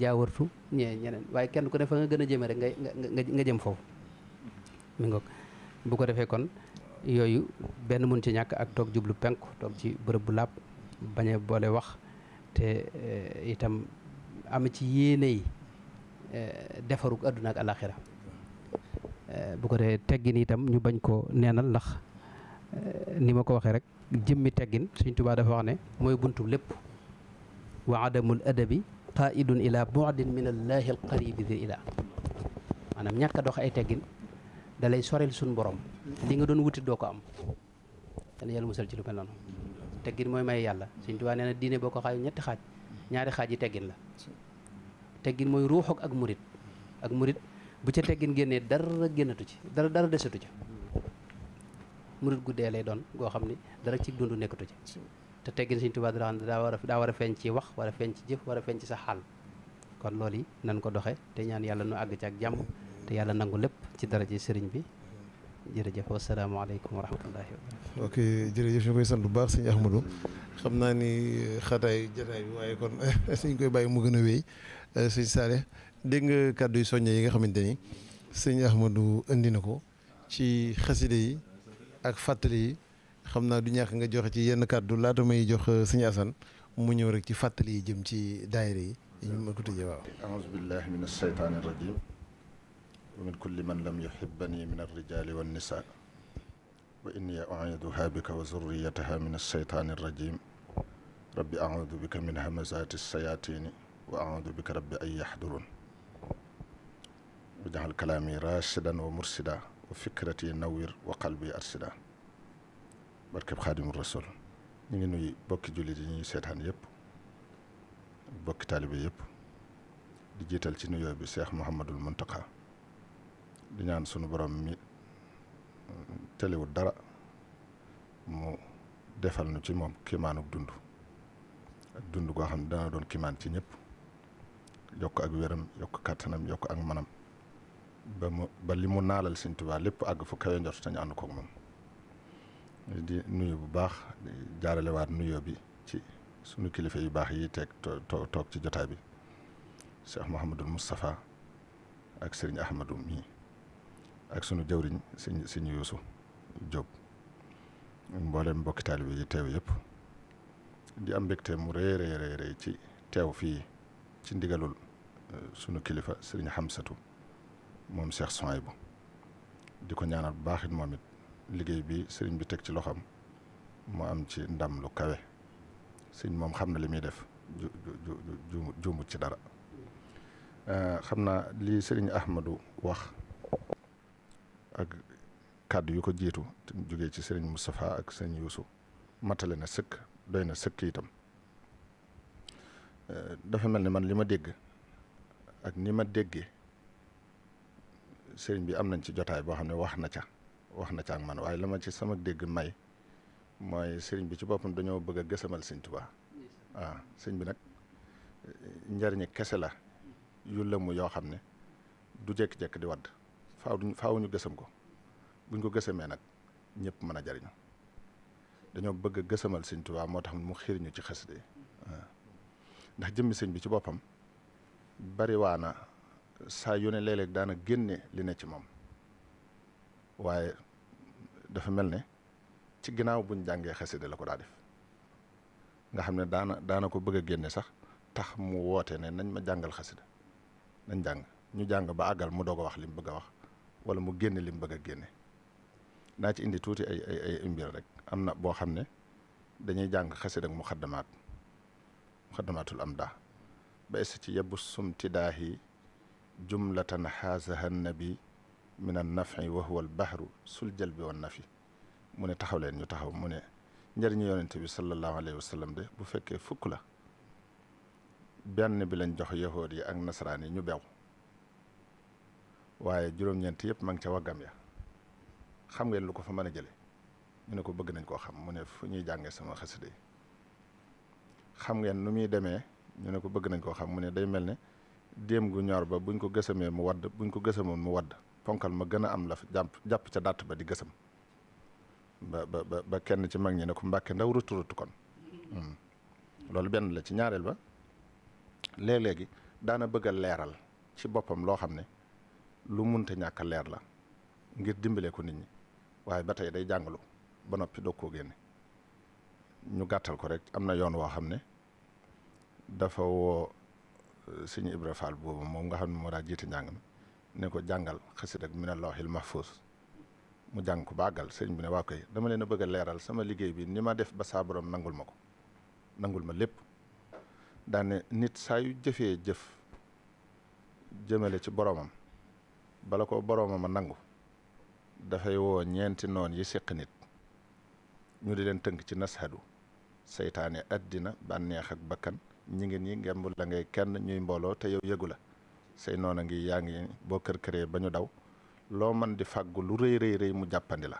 jaawartu ñee ñeneen waaye kenn ku ne fa nga gën a jëmee rek nga nga jëm foofu mu ngoog bu ko defee kon yooyu benn mun ci ñàkk ak toog jublu penku toog ci bërëb bu làpp bañ boole wax te eh, itam am ci yéene yi eh, defarug àdduna ak àlaxira Eh, bu ko defee teggin tam ñu bañ ko neenal ndax eh, ni ma ko waxee rek jëmmi teggin Sëriñ Tuubaa dafa wax ne mooy buntu lépp wa adamul adabi qaidun ila bu'din min allahi alqaribi di ila maanaam ñàkk a dox ay teggin dalay lay soril suñ borom li nga doon wuti doo ko am dana yàlla musal ci lu mel noonu mooy may yàlla Sëriñ Tuubaa nee na diine boo ko xaaju ñetti xaaj ñaari xaaj yi teggin la teggin mooy ruux ak murit ak murit bu ca teggin génnee dara génnatu ci dara dara desatu ci murit guddee lay doon goo xam ni dara ci dund nekkatu ci te teggin Sëriñ Tuubaa daa daa war a daa war a feeñ ci wax wara a feeñ ci jëf war a feeñ ci sa xaal kon lool yi nan ko doxe te ñaan yàlla nu àgg ci ak jàmm te yàlla nangu lépp ci dara ci sëriñ bi jërëjëf wasalaamaaleykum wa rahmatullahi wa ok jërëjëf ñu koy sant bu baax sëñ Ahmadou xam naa ni xataay jataay waaye kon suñ [laughs] koy bàyyi mu gën a wéy Euh, sëñ Saare dégg nga kàddu yu soññe yi nga xamante ni sëñ Ahmadou indi na ko ci xaside yi ak fàttali yi xam naa du ñàkk nga joxe ci yenn kàddu laata may jox euh, sëñ Assane mu ñëw rek ci fàttali yi jëm ci daayira yi ñu ma ko tëjee waaw aouzu billahi min asheytaani rajim wa min kulli man lam yuhibbani min arrijali wannisaa wa inni u'iiduha bika wa zurriyataha min asheytaani rajim rabbi aoudu bika min hamazaati sayatini wa aaudu bika rabbi ay yaxduruun wajaxal kalaami rashidan wa mursida wa fikrati nawir wa qalbi arsida barkeb xaadimu rasul ñu ngi nuy bokki jullit yi ñuy seetaan yëpp bokki taalibe yëpp di jiital ci nuyoo bi seex muhammadul muntaka di ñaan sunu borom mi telewul dara mu defal nu ci moom kiimaanuk dund ak dund goo xam ne dana doon kiimaan ci ñëpp yokk ak wéram yokk kàttanam yokk ak manam ba mu ba li mu naalal Sëñ Tuubaa lépp àgg fu kawe njort tañu ànd moom di nuyu bu baax di jaaralewaat nuyoo bi ci sunu kilifa yu baax yi teg toog ci jotaay bi Cheikh Mouhamadul Moustapha ak sëriñ mi ak sunu jëwriñ sëñ sëñ Yuusu Jóob mboolem teew yëpp di am mbégte mu rëy rëy rëy ci teew fii ci ndigalul sunu kilifa sëriñ Xamsatu moom Cheikh Souhaïbou di ko ñaanal bu baax moom it liggéey bi sëriñ bi teg ci loxoom mu am ci ndam lu kawe sëriñ moom xam na li muy def ju ju juumut ci dara euh, xam naa li sëriñ Ahmadou wax ak kàddu yu ko jiitu jógee ci sëriñ Moustapha ak sëriñ Youssou matale na sëkk doy na sëkk itam euh, dafa mel man li ma dégg. ak ni ma déggee sëriñ bi am nañ ci jotaay boo xam ne wax na ca wax na ca ak man waaye la ma ci sama dégg may mooy sëriñ bi ci boppam dañoo bëgg a gësamal sëñ Tuubaa waaw sëñ bi nag njariñu kese la yu lëmm yoo xam ne du jékki-jékki di wadd faaw duñ faaw ñu gësam ko buñ ko gësamee nag ñëpp mën a jariñu dañoo bëgg gësëmal sëñ tubaa moo tax mu xiir ñu ci xasida yi ndax jëmmi sëñ bi ci boppam bariwaana saa yu ne léeg daana génne li ne ci moom waaye dafa mel ne ci ginnaaw buñ jàngee xasida la ko daa def nga xam ne daana daana ko bëgg a génne sax tax mu woote ne nañ ma jàngal xasida nañ jàng ñu jàng ba àggal mu doog a wax li bëgg a wax wala mu génne li bëgg a génne naa ci indi tuuti ay ay ay rek am na boo xam ne dañuy jàng xasida ak mu xaddamaat mu xaddamaatul am daa بأستي يبص امتداهي جملة حازها النبي من النفع وهو البحر سل جلب والنفي mu ne taxaw leen ñu taxaw mu ne njëriñu yonente bi sallallahu alayhi wa de bu fekkee fukk la benn bi lañ jox yahood yi ak nasaraan yi ñu bew waaye juróom-ñeent yëpp ma ngi ca waggam ya xam ngeen lu ko fa mën a jële ñu ne ko bëgg nañ koo xam mu ne fu ñuy jàngee sama xasida yi xam ngeen nu muy demee ñu ne ko bëgg nañ koo xam mu ne day mel ne déem gu ñor ba buñ ko gësamee mu wadd buñ ko gësamoon mu wadd ponkal ma gën a am la fa jàpp jàpp ca dàtt ba di gësam ba ba ba kenn ci mag ñi ne ko mbàkke ndaw rutu rutu kon hmm. loolu benn la ci ñaareel ba léeg-léegi daana bëgg a leeral ci boppam loo xam ne lu munta ñàkk leer la ngir dimbale ko nit ñi waaye ba tey day jàngalu ba noppi doog koo génne ñu gàttal ko rek am na yoon woo xam ne dafa woo eh, suñu Ibra Fall boobu moom nga xam ne moo daa jiite njàng mi ne ko jàngal xasida ak mina lawhil mahfuz mu jàng ko bàggal sëriñ bi ne waa koy dama leen a bëgg a leeral sama liggéey bi ni ma def ba saa borom nangul ma ko nangul ma lépp daane nit saa yu jëfee jëf jëmale ci boromam bala ko boromam a nangu dafay woo ñeenti noon yi séq nit ñu di leen tënk ci nashadu seytaane addina bànneex ak bakkan ñi ngi nii ngemb la ngay kenn ñuy mbooloo te yow yëgu la say noona ngi yaa ngi boo kër këree ba ñu daw loo man di fàggu lu rëy rëy rëy mu jàppandi la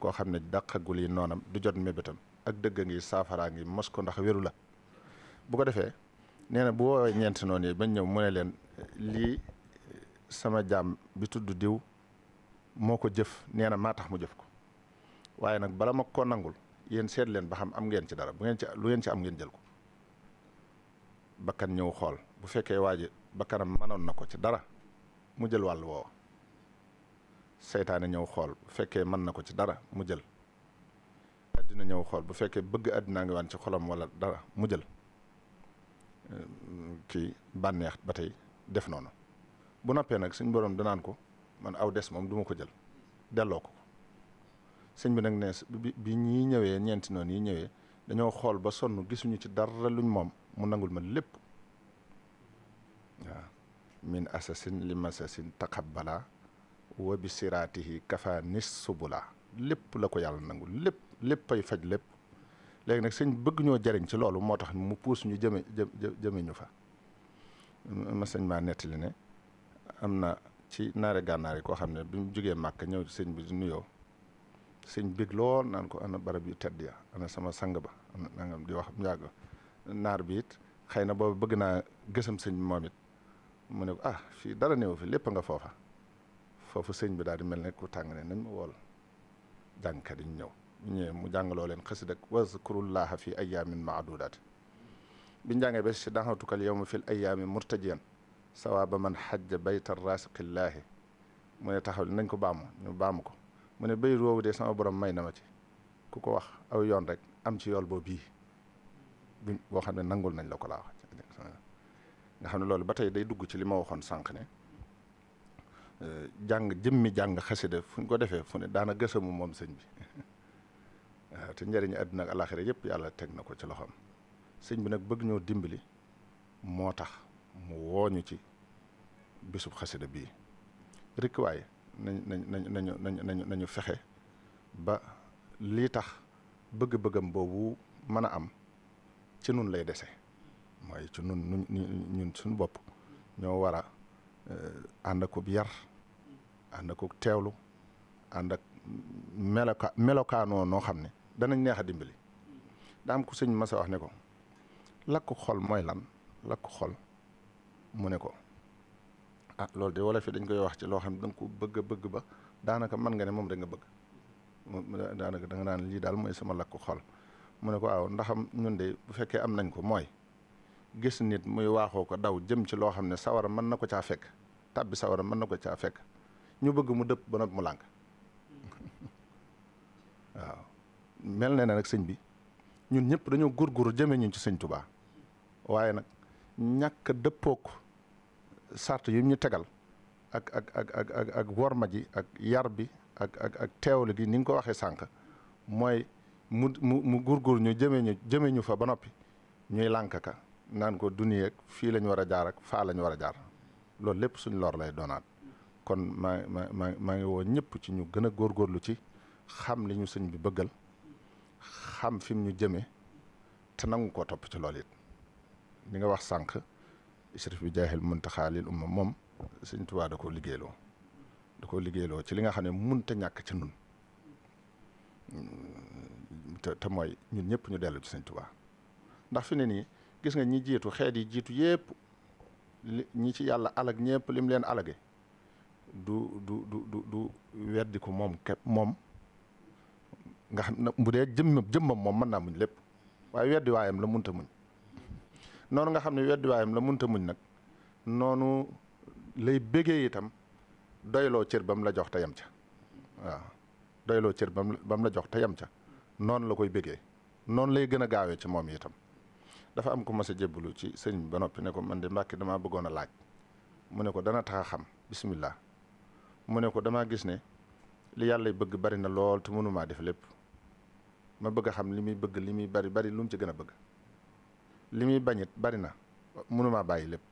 koo xam ne dàqagul yi noonam du jot mébétam ak dëgg ngi saafaraa ngi mos ko ndax wéru la bu ko defee nee na bu woowee ñeenti noon yi ba ñëw mu ne leen lii sama jaam bi tudd diw moo ko jëf nee na maa tax mu jëf ko waaye nag bala ma koo nangul yéen seet leen ba xam am ngeen ci dara bu ngeen ci lu ngeen ci am ngeen jël ko bakkan ñëw xool bu fekkee waa ji bakkanam mënoon na ko ci dara mu jël wàll woowa seytaane ñëw xool bu fekkee mën na ko ci dara mu jël àddina ñëw xool bu fekkee bëgg àddinaa ngi ci xolam wala dara mu jël ehm, kii bànneex ba tey def noonu bu noppee nag suñ borom danaan ko man aw des moom duma ko jël delloo ko sëñ bi nag nee bi ñii ñëwee ñeenti noonu yi ñëwee dañoo xool ba sonn gisuñu ci dara luñ moom mu nangul ma lépp waaw min asasin li masasin taqabbala wa bi siraatihi kafa nis subula lépp la ko yàlla nangul lépp lépp ay faj lépp léegi nag sëñ bëgg ñoo jariñ ci loolu moo tax mu puus ñu jëme jëme fa ma sëñ maa nettali ne am na ci naare gànnaar yi koo xam ne bi mu jógee màkk ñëw sëñ bi di nuyoo sëñ bég lool naan ko ana barab yu tedd ya ana sama sang ba ana nangam di wax mu yàgg naar bi it xëy na boobu bëgg naa gësam sëñ moom it mu ne ko ah fii dara néew fi lépp nga foofa foofu sëñ bi daal di mel ne ko tàng ne nañ ma wool jàngkat yi ñëw ñëwee mu jàngaloo leen xasida wazkurullaha fi ayaamin maadudaat biñ jàngee ba si daxatukal yow ma fil ayaami murtajiyan sawaaba man xajja bayta rasiqillaahi mu ne taxaw nañ ko baamu ñu baamu ko mu ne bayit woowu de sama may na ma ci ku ko wax aw yoon rek am ci yool boobu bii boo xam ne nangul nañ la ko laa wax nga xam ne loolu ba tey day dugg ci li ma waxoon sànq ne jàng jëmmi jàng xasida fu ñu ko defee fu ne daana gësamu moom sëñ bi waaw te njëriñu àdduna ak alaxira yëpp yàlla teg na ko ci loxoom sëñ bi nag bëgg ñoo dimbali moo tax mu wooñu ci bisub xasida bii rikk waaye nañ nañ nañu fexe ba lii tax bëgg-bëggam boobu mën a am ci nun lay dese mooy ci nun nun ñun suñu bopp ñoo war a eh, ànd ak yar ànd ak teewlu ànd ak melokaanoo noo xam ne danañ neex a dimbali daam ku sëñ masa wax ne ko lakk xol mooy lan lakk xol mu ne ko ah loolu de wala fi dañ koy wax ci loo xam ne da nga ko bëgg bëgg ba daanaka man nga ne moom da nga bëgg daanaka da nga naan lii daal mooy sama lakk xol mu ne ko waaw ndaxam ñun de bu fekkee am nañ ko mooy gis nit muy waaxoo ko daw jëm ci loo xam ne sawara mën na ko caa fekk tàbbi sawara mën na ko caa fekk ñu bëgg mu dëpp ba nag mu lànk [laughs] waaw mel ne na nag sëñ bi ñun ñëpp dañoo gurguru jëmee ñu ci sëñ tubaa waaye nag ñàkk dëppook sart yi ñu tegal ak ak ak ak ak ak worma ji ak yar bi ak ak ak teewlu gi ni nga ko waxee sànq mooy mu mu mu góor ñu jëmee ñu jëmee ñu fa ba noppi ñuy lànk ka naan ko duniyeeg fii lañu war a jaar ak faa la war a jaar loolu lépp suñ lor lay doonaat kon maa ma ma maa ngi woo ñëpp ci ñu gën a góorgóorlu ci xam li ñu sëñ bi bëggal xam fi mu ñu jëmee te nangu ko topp ci loolu it li nga wax sànq isrif bi jaaxil muntaxa lil umma moom sëñ Tuubaa da koo liggéeyloo da koo liggéeyloo ci li nga xam ne munta ñàkk ci nun te te mooy ñun ñëpp ñu dellu ci sëñ Tuubaa ndax fi ne nii gis nga ñi jiitu xeet yi jiitu yépp ñi ci yàlla alag ñëpp lim leen alage du du du du du weddi ko moom képp moom nga xam ne bu dee jëmm jëmmam moom mën naa muñ lépp waaye weddi waayam la munta muñ noonu nga xam ne weddi waayam la munta muñ nag noonu lay bégee itam doyloo cër ba mu la jox te yam ca waaw doyloo cër ba mu la jox te yem ca noonu la koy bëggee noonu lay gën a gaawee ci moom itam dafa am ko mas a jébbalu ci sëñ bi ba noppi ne ko man de mbàkki damaa bëggoon a laaj mu ne ko dana tax a xam bismillah mu ne ko damaa gis ne li yàlla bëgg bari na lool te mënumaa def lépp ma bëgg xam li muy bëgg li muy bari bari lu ci gën a bëgg li muy bañit bari na mënumaa bàyyi lépp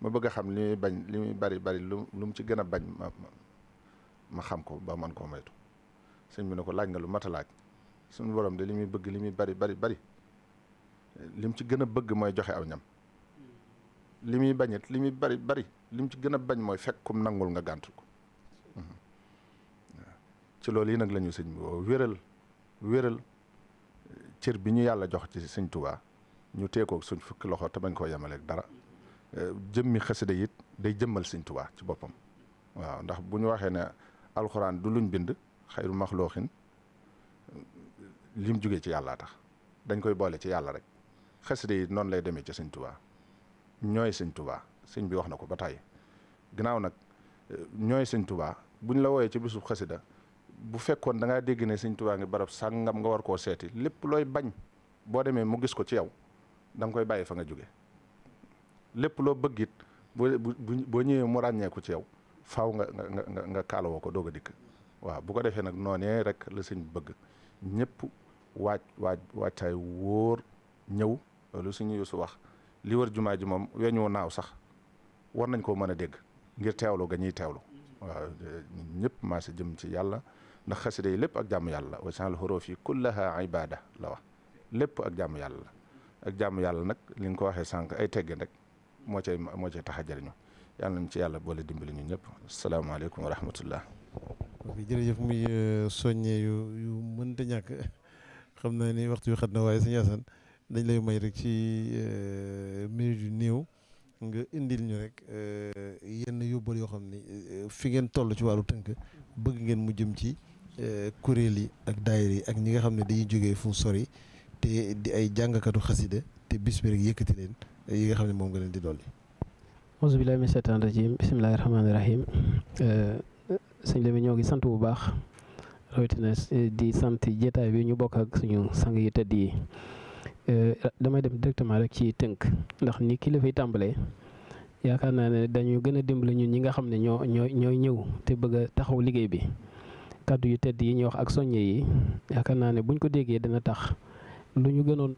ma bëgg xam li bañ li muy bari bari lu lu mu ci gën a bañ ma ma xam ko ba man koo moytu sëñ bi ne ko laaj nga lu mat a laaj suñ borom de li muy bëgg li muy bari bari bari lim ci gën a bëgg mooy joxe aw ñam li muy bañit li muy bari bari lim ci gën a bañ mooy fekk kum nangul nga gàntu ko mhm. ci loolu yi nag lañu ñu sëñ bi woo wéral wéral cër bi ñu yàlla jox ci sëñ Tuubaa ñu teekook suñ fukki loxo te bañ koo yemaleeg dara eh, jëmmi xasida it day jëmmal sëñ Tuubaa ci boppam waaw ndax bu ñu waxee ne alxuraan du luñ bind xayru maxlooxin li mu jógee ci yàlla tax dañ koy boole ci yàlla rek xasida yi noonu lay demee ci sëñ tubaa ñooy sëñ tubaa sëñ bi wax na ko ba tàyyi gannaaw nag eh, ñooy sëñ tubaa buñ la wooyee ci bisub xasida bu fekkoon da ngaa dégg ne sëñ tubaa ngi barab sàngam nga war koo seeti lépp looy bañ boo demee mu gis ko ci yow da nga koy bàyyi fa nga jóge lépp loo bëgg it boo boo ñëwee mu ràññeeku ci yow faaw nga nga kaalawoo ko doog a dikk waaw bu ko defee nag noonee rek la sëñ bëgg ñëpp. waa waaj waajtaay wóor ñëw loolu suñu yusu wax li wër jumaa ji moom weñu naaw sax war nañ koo mën a dégg ngir teewlu ga ñuy teewlu waaw ñëpp maa si jëm ci yàlla ndax xasida yi lépp ak jàmm yàlla wa sal xuruf yi kullaha ibada la lépp ak jàmm yàlla la ak jàmm yàlla nag li nga ko waxee sànq ay teggin rek moo cay moo cay tax a jëriñu yàlla ci yàlla boole dimbali ñu ñëpp asalaamaaleykum wa rahmatullah jërëjëf muy euh, soññee yu mënta ñàkk xam naa ni waxtu wi xat na waaye sëñ Assane dañ lay may rek ci euh, minute yu néew nga indil ñu rek euh, yenn yóbbal yoo xam ni euh, fi ngeen toll ci wàllu tënk bëgg ngeen mu jëm ci kuréel yi ak daayir yi ak ñi nga xam ne dañuy jógee fu sori te di ay jàngkatu xasida te bis bi rek yëkkati leen yi nga xam ne moom nga leen di dolli. auzu billaahi mina shaytaani rajiim bismillaahi rahmaani ñoo ngi sant bu baax. rawatina di sant jataay bi ñu bokk ak suñu sang yi tëdd yi euh, damay dem directement rek ci tënk ndax ni kilifa yi tàmbalee yaakaar naa ne dañu gën a dimbali ñun ñi nga xam ne ñoo ñoo ñooy ñëw te bëgg taxaw liggéey bi kàddu yu tedd yi ñu wax ak soññe yi yaakaar naa ne buñ ko déggee dina tax lu ñu gënoon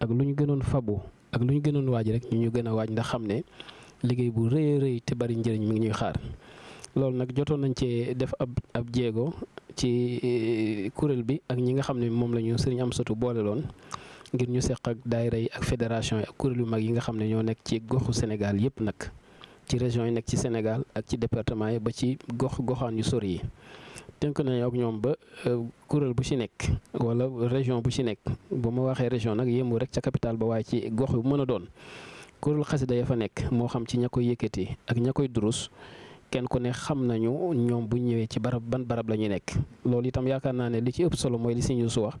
ak lu ñu gënoon fabu ak lu ñu gënoon waaj rek ñu ñu gën a waaj ndax xam ne liggéey bu rëy a rëy te bari njëriñ mi ngi ñuy xaar loolu nag jotoon nañ cee def ab ab jéego ci eh, kuréel bi ak ñi nga xam ne moom la ñu sëriñ am sotu boole loon ngir ñu seq ak daay rey ak fédération yi ak kuréel yu mag yi nga xam ne ñoo nekk ci goxu Sénégal yëpp nag ci région yi nekk ci Sénégal ak ci département yi ba ci gox goxaan yu sori yi tënk nañu ak ñoom ba eh, kuréel bu ci nekk wala région bu ci nekk bu ma waxee région nag yéemu rek ca capital ba waaye ci gox yu mën a doon kuréel xasida ya fa nekk moo xam ci ña koy yëkkati ak ña koy kenn ku ne xam nañu ñoom bu ñëwee ci barab ban barab la ñuy nekk loolu itam yaakaar naa ne li ci ëpp solo mooy li Sëñ Yuusu wax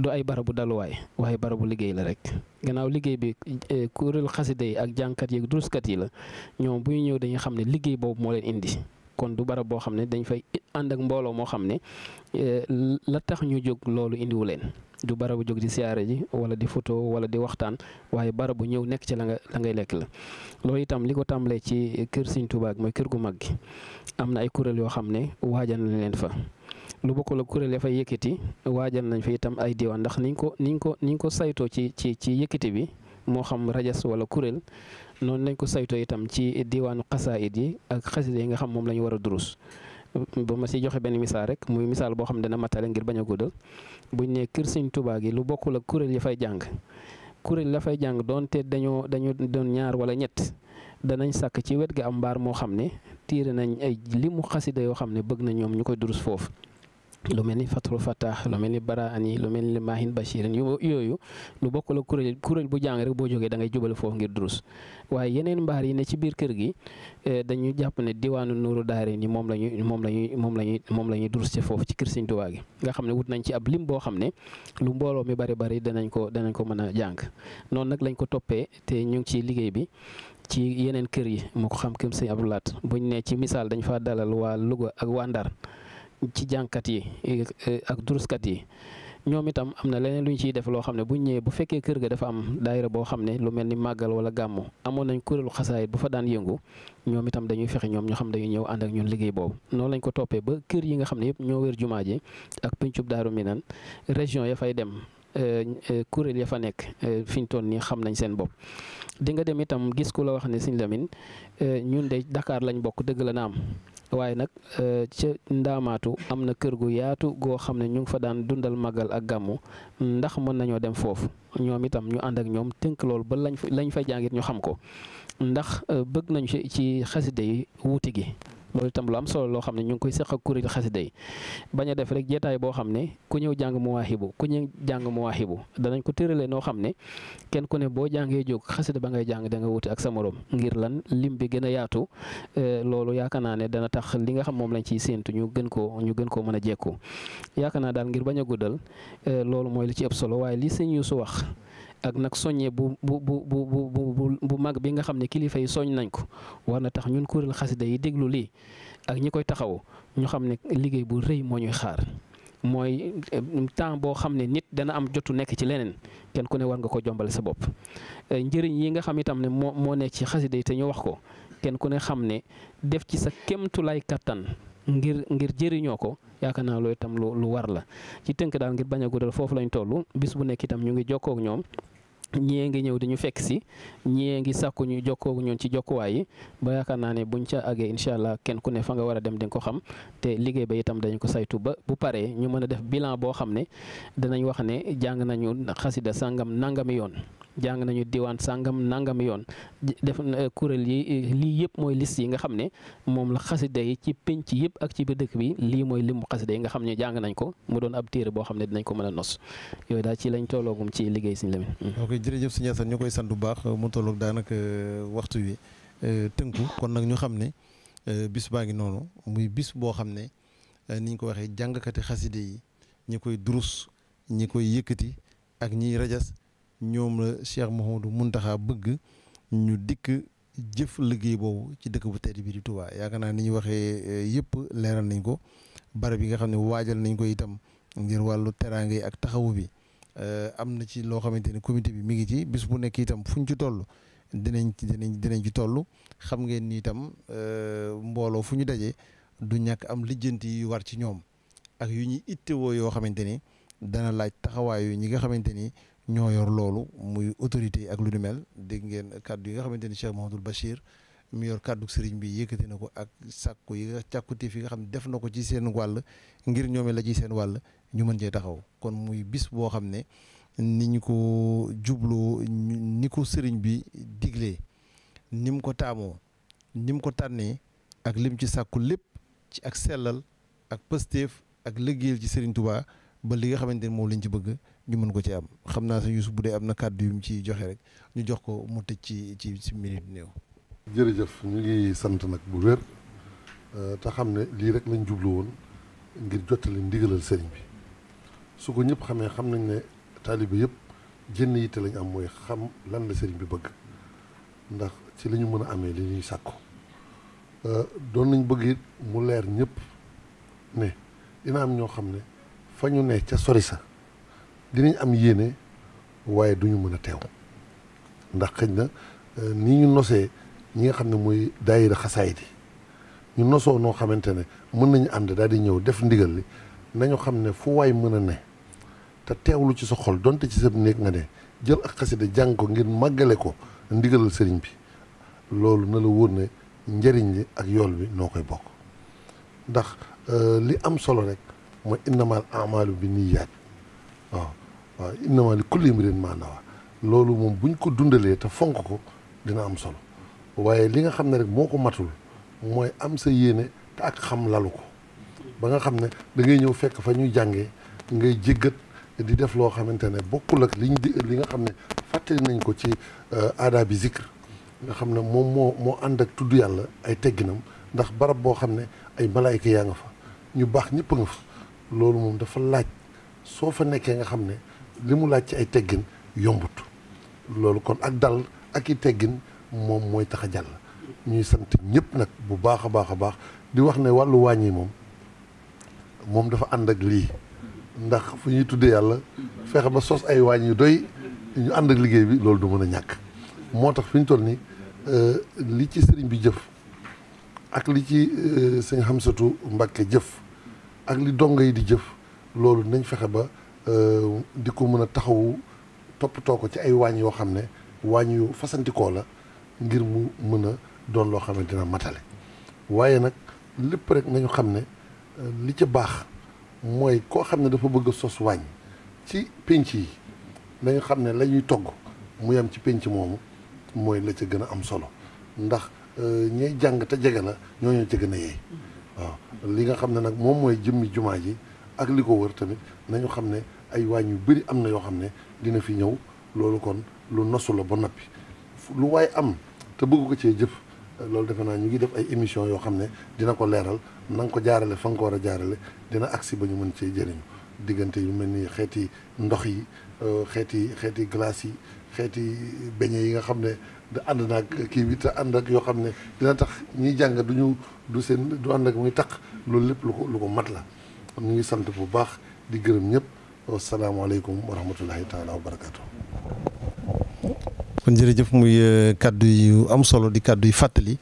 du ay barabu daluwaay waaye barabu liggéey la rek gannaaw liggéey bi e, kuréel xasida yi ak jànkat yi ak duruskat yi la ñoom bu ñu ñëw dañuy xam ne liggéey boobu moo leen indi kon du barab boo xam ne dañ fay ànd ak mbooloo moo xam ne eh, la tax ñu jóg loolu indiwu leen du barabu jóg di siyaare ji wala di photo wala di waxtaan waaye barabu ñëw nekk ci la nga la ngay lekk la. loolu itam li ko tàmbalee ci kër Sëñ Tuubaa mooy kër gu mag gi am na ay kuréel yoo xam ne waajal na leen fa. lu bokkul ak kuréel ya fay yëkkati waajal nañ fi itam ay diwaan ndax niñ ko niñ ko niñ ko saytoo ci ci ci yëkkati bi moo xam rajas wala kuréel. noonu lañ ko saytoo itam ci diwaanu xasaayid yi ak xasida yi nga xam moom la ñu war a durus ba ma si joxe benn misaal rek muy misaal boo xam ne dana matale ngir bañ a guddal buñ ne kër sëñ Tuubaa yi lu bokkul ak kuréel yi fay jàng kuréel la fay jàng doonte dañoo dañu doon ñaar wala ñett danañ sàkk ci wet ga am mbaar moo xam ne tiire nañ ay mu xaside yoo xam ne bëgg na ñoom ñu koy durus foofu. lu mel ni Fathul Fattah lu mel ni Baraani lu mel ni Maahin Bachir yu yooyu lu bokk la kuréel kuréel bu jàng rek boo jogee dangay ngay foofu ngir durus waaye yeneen mbaar yi ne ci biir kër gi eh, dañu jàpp ne diwaanu Nuuru Daare ni moom la ñuy moom la ñuy moom la moom la ñuy durus ci foofu ci kër Sëñ Tuubaa gi nga xam ne wut nañ ci ab lim boo xam ne lu mbooloo mi bari bari danañ ko danañ ko mën a jàng noonu nag lañ ko toppee te ñu ngi ci liggéey bi ci yeneen kër yi moo ko xam k Sëñ Abdou buñ ne ci misaal dañ fa dalal waa Louga ak waa ci jànkat yi eh, ak duruskat yi ñoom itam am na leneen lu ñu ciy def loo xam ne bu ñëwee bu fekkee kër ga dafa am daayira boo xam ne lu mel ni màggal wala gàmmu amoon nañ kuréelu xasaayit bu fa daan yëngu ñoom itam dañuy fexe ñoom ñoo xam dañuy ñëw ànd ak ñun liggéey boobu noonu lañ ko toppee ba kër yi nga xam ne yëpp ñoo wër jumaa ji ak pencub daaru minan région ya fay dem eh, eh, kuréel ya fa nekk fi ñu toll nii xam nañ seen bopp di nga dem itam gis ku la wax ne Sëñ Lamin ñun de Dakar lañ bokk dëgg la naam waaye nag euh, ca ndaamaatu am na kër gu yaatu goo xam ne ñu ngi fa daan dundal magal ak gàmmu ndax mën nañoo dem foofu ñoom itam ñu ànd ak ñoom tënk lool ba lañ fa lañ fay jàngit ñu xam ko ndax euh, bëgg nañ ci xaside yi wuuti gi. loolu itam lu am solo loo xam ne ñu ngi koy seq ak kuréel xasida yi bañ a def rek jeetaay boo xam ne ku ñëw jàng Mawaahibu ku ñëw jàng Mawaahibu danañ ko tëralee noo xam ne kenn ku ne boo jàngee jóg xasida ba ngay jàng da nga wuti ak sa morom ngir lan lim bi gën a yaatu euh, loolu yaakaar naa ne dana tax li nga xam moom lañ ci séentu ñu gën koo ñu gën koo mën a jekku yaakaar naa daal ngir bañ a guddal euh, loolu mooy li ci ëpp solo waaye li sëñ su wax ak nag soññee bu bu bu bu bu bu mag bi nga xam ne kilifa yi soñ nañ ko war na tax ñun kuréel xasida yi déglu lii ak ñi koy taxaw ñu xam ne liggéey bu rëy moo ñuy xaar mooy eh, temps boo xam ne nit dana am jotu nekk ci leneen kenn ku ne war nga ko jombale sa bopp eh, njëriñ yi nga xam itam ne moo moo nekk ci xasida yi te ñu wax ko kenn ku ne xam ne def ci sa kémtulaay kàttan ngir ngir jëriñoo ko yaakaar naa loo itam lu lu war la ci tënk daal ngir bañ a guddal foofu lañ toll bis bu nekk itam ñu ngi jokkook ak ñoom. ñii ngi ñëw di ñu fekk si ñii ngi sàkku ñu jokkoo ñun ci jokkuwaay yi ba yaakaar naa ne bu ñu ca àggee incha allah kenn ku ne fa nga war a dem di nga ko xam te liggéey ba itam dañu ko saytu ba bu paree ñu mën a def bilan boo xam ne danañ wax ne jàng nañu xasida sàngam nangami yoon. jàng nañu diwaan sàngam nangam yoon def eh, kuréel yi eh, lii yëpp mooy liste yi nga xam ne moom la xasida yi ci pénc yëpp ak ci biir dëkk bi lii mooy limu xasida yi nga xam ne jàng nañ ko mu doon ab téere boo xam ne dinañ ko mën a nos yooyu daal ci lañ tolloogum ci liggéey Sëñ Lamin hmm. ok jërëjëf Sëñ Asan ñu koy sant bu baax mu tolloog daanaka eh, waxtu wi tënku kon nag ñu xam ne bis baa ngi noonu muy bis boo xam ne niñ ko waxee jàngkati xasida yi ñu koy durus ñi koy yëkkati ak ñiy rajas ñoom la Cheikh mun Mountakha bëgg ñu dikk jëf liggéey boobu ci dëkk bu tedd bi di Touba yaakaar naa ni ñu waxee eh, yëpp leeral nañ ko barab yi nga xam ne waajal nañ ko itam ngir wàllu teraanga yi ak taxawu bi eh, am na ci loo xamante ni comité bi mi ngi ci bis bu nekk itam fuñ ci toll dinañ ci dinañ dinañ ci toll xam ngeen ni itam eh, mbooloo fu ñu dajee du ñàkk am lijjant yi war ci ñoom ak yu ñuy ittewoo yoo xamante ni dana laaj taxawaayu ñi nga xamante ni ñoo yor loolu muy autorité yi ak lu ni mel dégg ngeen kàddu yi nga xamante ni Cheikh Mouhamadoul Bachir mu yor kàddu sëriñ bi yëkkati na ko ak sàkku yi nga càkkutif nga xam ne def na ko ci seen wàll ngir ñoome la ci seen wàll ñu mën cee taxaw kon muy bis boo xam ne ni ñu ko jubloo ni ko sëriñ bi diglee ni ko taamoo ni ko tànnee ak lim ci sàkku lépp ci ak sellal ak pësteef ak liggéeyal ci sëriñ Touba ba li nga xamante ni moom lañ ci bëgg ñu mën ko ci am xam naa sa Youssou bu dee am na kàddu yu mu ciy joxe rek ñu jox ko mu tëj ci ci ci minute néew. jërëjëf ñu ngi sant nag bu wér euh, te xam ne lii rek lañ jublu woon ngir jottali ndigalal sëriñ bi su ko ñëpp xamee xam nañ ne taalibe yëpp jënn yitte lañ am mooy xam lan la sëriñ bi bëgg ndax ci la ñu mën a amee li ñuy sàkku euh, doon nañ bëgg it mu leer ñépp ne dina am ñoo xam ne fa ñu ne ca sori sa dinañ am yéene waaye duñu mën a teew ndax xëñ na euh, ni ñu nosee ñi nga xam ne muy daayira xasaayit yi ñu nosoo noo xamante ne mën nañu ànd daal di ñëw def ndigal li nañu xam ne fu waay mën a ne te teewlu ci sa xol donte ci sa néeg nga ne jël ak xasida jàng ko ngir màggale ko ndigalal sëriñ bi loolu na la wóor ne njëriñ li ak yool bi noo koy bokk ndax euh, li am solo rek mooy innamal amalu bi niyaat waaw waaw innamaa li kulli imri'in loolu moom buñ ko dundalee te fonk ko dina am solo waaye li nga xam ne rek moo ko matul mooy am sa yéene te ak xam lalu ko ba nga xam ne da ngay ñëw fekk fa ñuy jàngee ngay jéggat di def loo xamante ne bokkul ak liñ di li nga xam ne fàttali nañ ko ci euh, aadaa bi zikr nga xam ne moom moo moo ànd ak tudd yàlla ay tegginam ndax barab boo xam ne ay malaayka yaa nga fa ñu baax ñëpp nga fa loolu moom dafa laaj soo fa nekkee nga xam ne li mu laaj ci ay teggin yombut loolu kon ak dal ak i teggin moom mooy tax a jàll ñuy sant ñëpp nag bu baax a baax a baax di wax ne wàllu yi moom moom dafa ànd ak lii ndax fu ñuy tuddee yàlla fexe ba sos ay waañ yu doy ñu ànd ak liggéey bi loolu du mën a ñàkk moo tax fi ñu toll nii euh, li ci sëriñ bi jëf ak li ci euh, sëñ Xamsatu Mbàkke jëf ak li dongo yi di jëf loolu nañ fexe ba Euh, di ko mën a taxawu toppatoo ko ci ay waañ yoo xam ne waañ yu fasantikoo la ngir mu mën a doon loo xam ne dina matale waaye nag lépp rek nañu xam ne euh, li ca baax mooy koo xam ne dafa bëgg sos waañ ci pénc yi nañu xam ne lañuy ñuy togg mu yam ci pénc moomu mooy la ca gën a am solo ndax euh, ñay jàng te jege la ñoo ca gën a yeey waaw li nga xam ne nag moom mooy jëmmi jumaa ji ak li ko wër tamit nañu xam ne ay waañ yu bëri am na yoo xam ne dina fi ñëw loolu kon lu nosu la ba noppi lu waay am te bëgg ko cee jëf loolu defe naa ñu ngi def ay émission yoo xam ne dina ko leeral na ko jaarale fa nga ko war a jaarale dina si ba ñu mën cee jëriñu diggante yu mel nii xeeti ndox yi euh, xeeti xeeti glace yi xeeti beñe yi nga xam ne da ànd naag kii bi te ànd ak yoo xam ne dina tax ñiy jàng du ñu du seen du ànd ak muy taq loolu lépp lu lu ko mat la kon ñu ngi sant bu baax di gërëm ñëpp wasalaamaaleykum wa rahmatullahi taala wa barakaatu. kon jërëjëf muy euh, kàddu yu am solo di kàddu yu fàttali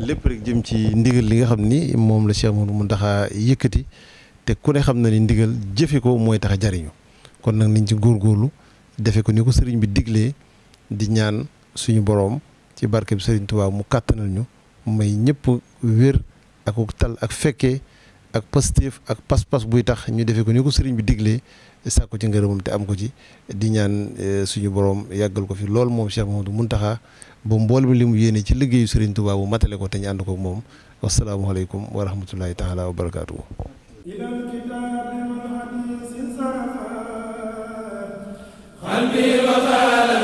lépp rek jëm ci ndigal li nga xam ni moom la Cheikh Mouhamadou Mountakha yëkkati te ku ne xam na ni ndigal jëfe ko mooy tax a jariñu kon nag niñ ci góorgóorlu defe ko ni ko sëriñ bi diglee di ñaan suñu boroom ci barke bi sëriñ Tuubaa mu kàttanal ñu may ñëpp wér ak tal ak fekkee ak positif ak pas-pas buy tax ñu defee ko ni ko sëriñ bi diglee sàkku ci ngërëmam te am ko ci di ñaan eh, suñu borom yàggal ko fi loolu moom Cheikh Mouhamadou Mountakha ba mboolem li mu yéene ci liggéeyu sëriñ Touba bu matale ko te ñu ànd ko moom wasalaamualeykum wa rahmatullahi taala wa barakaatuhu. qalbi wa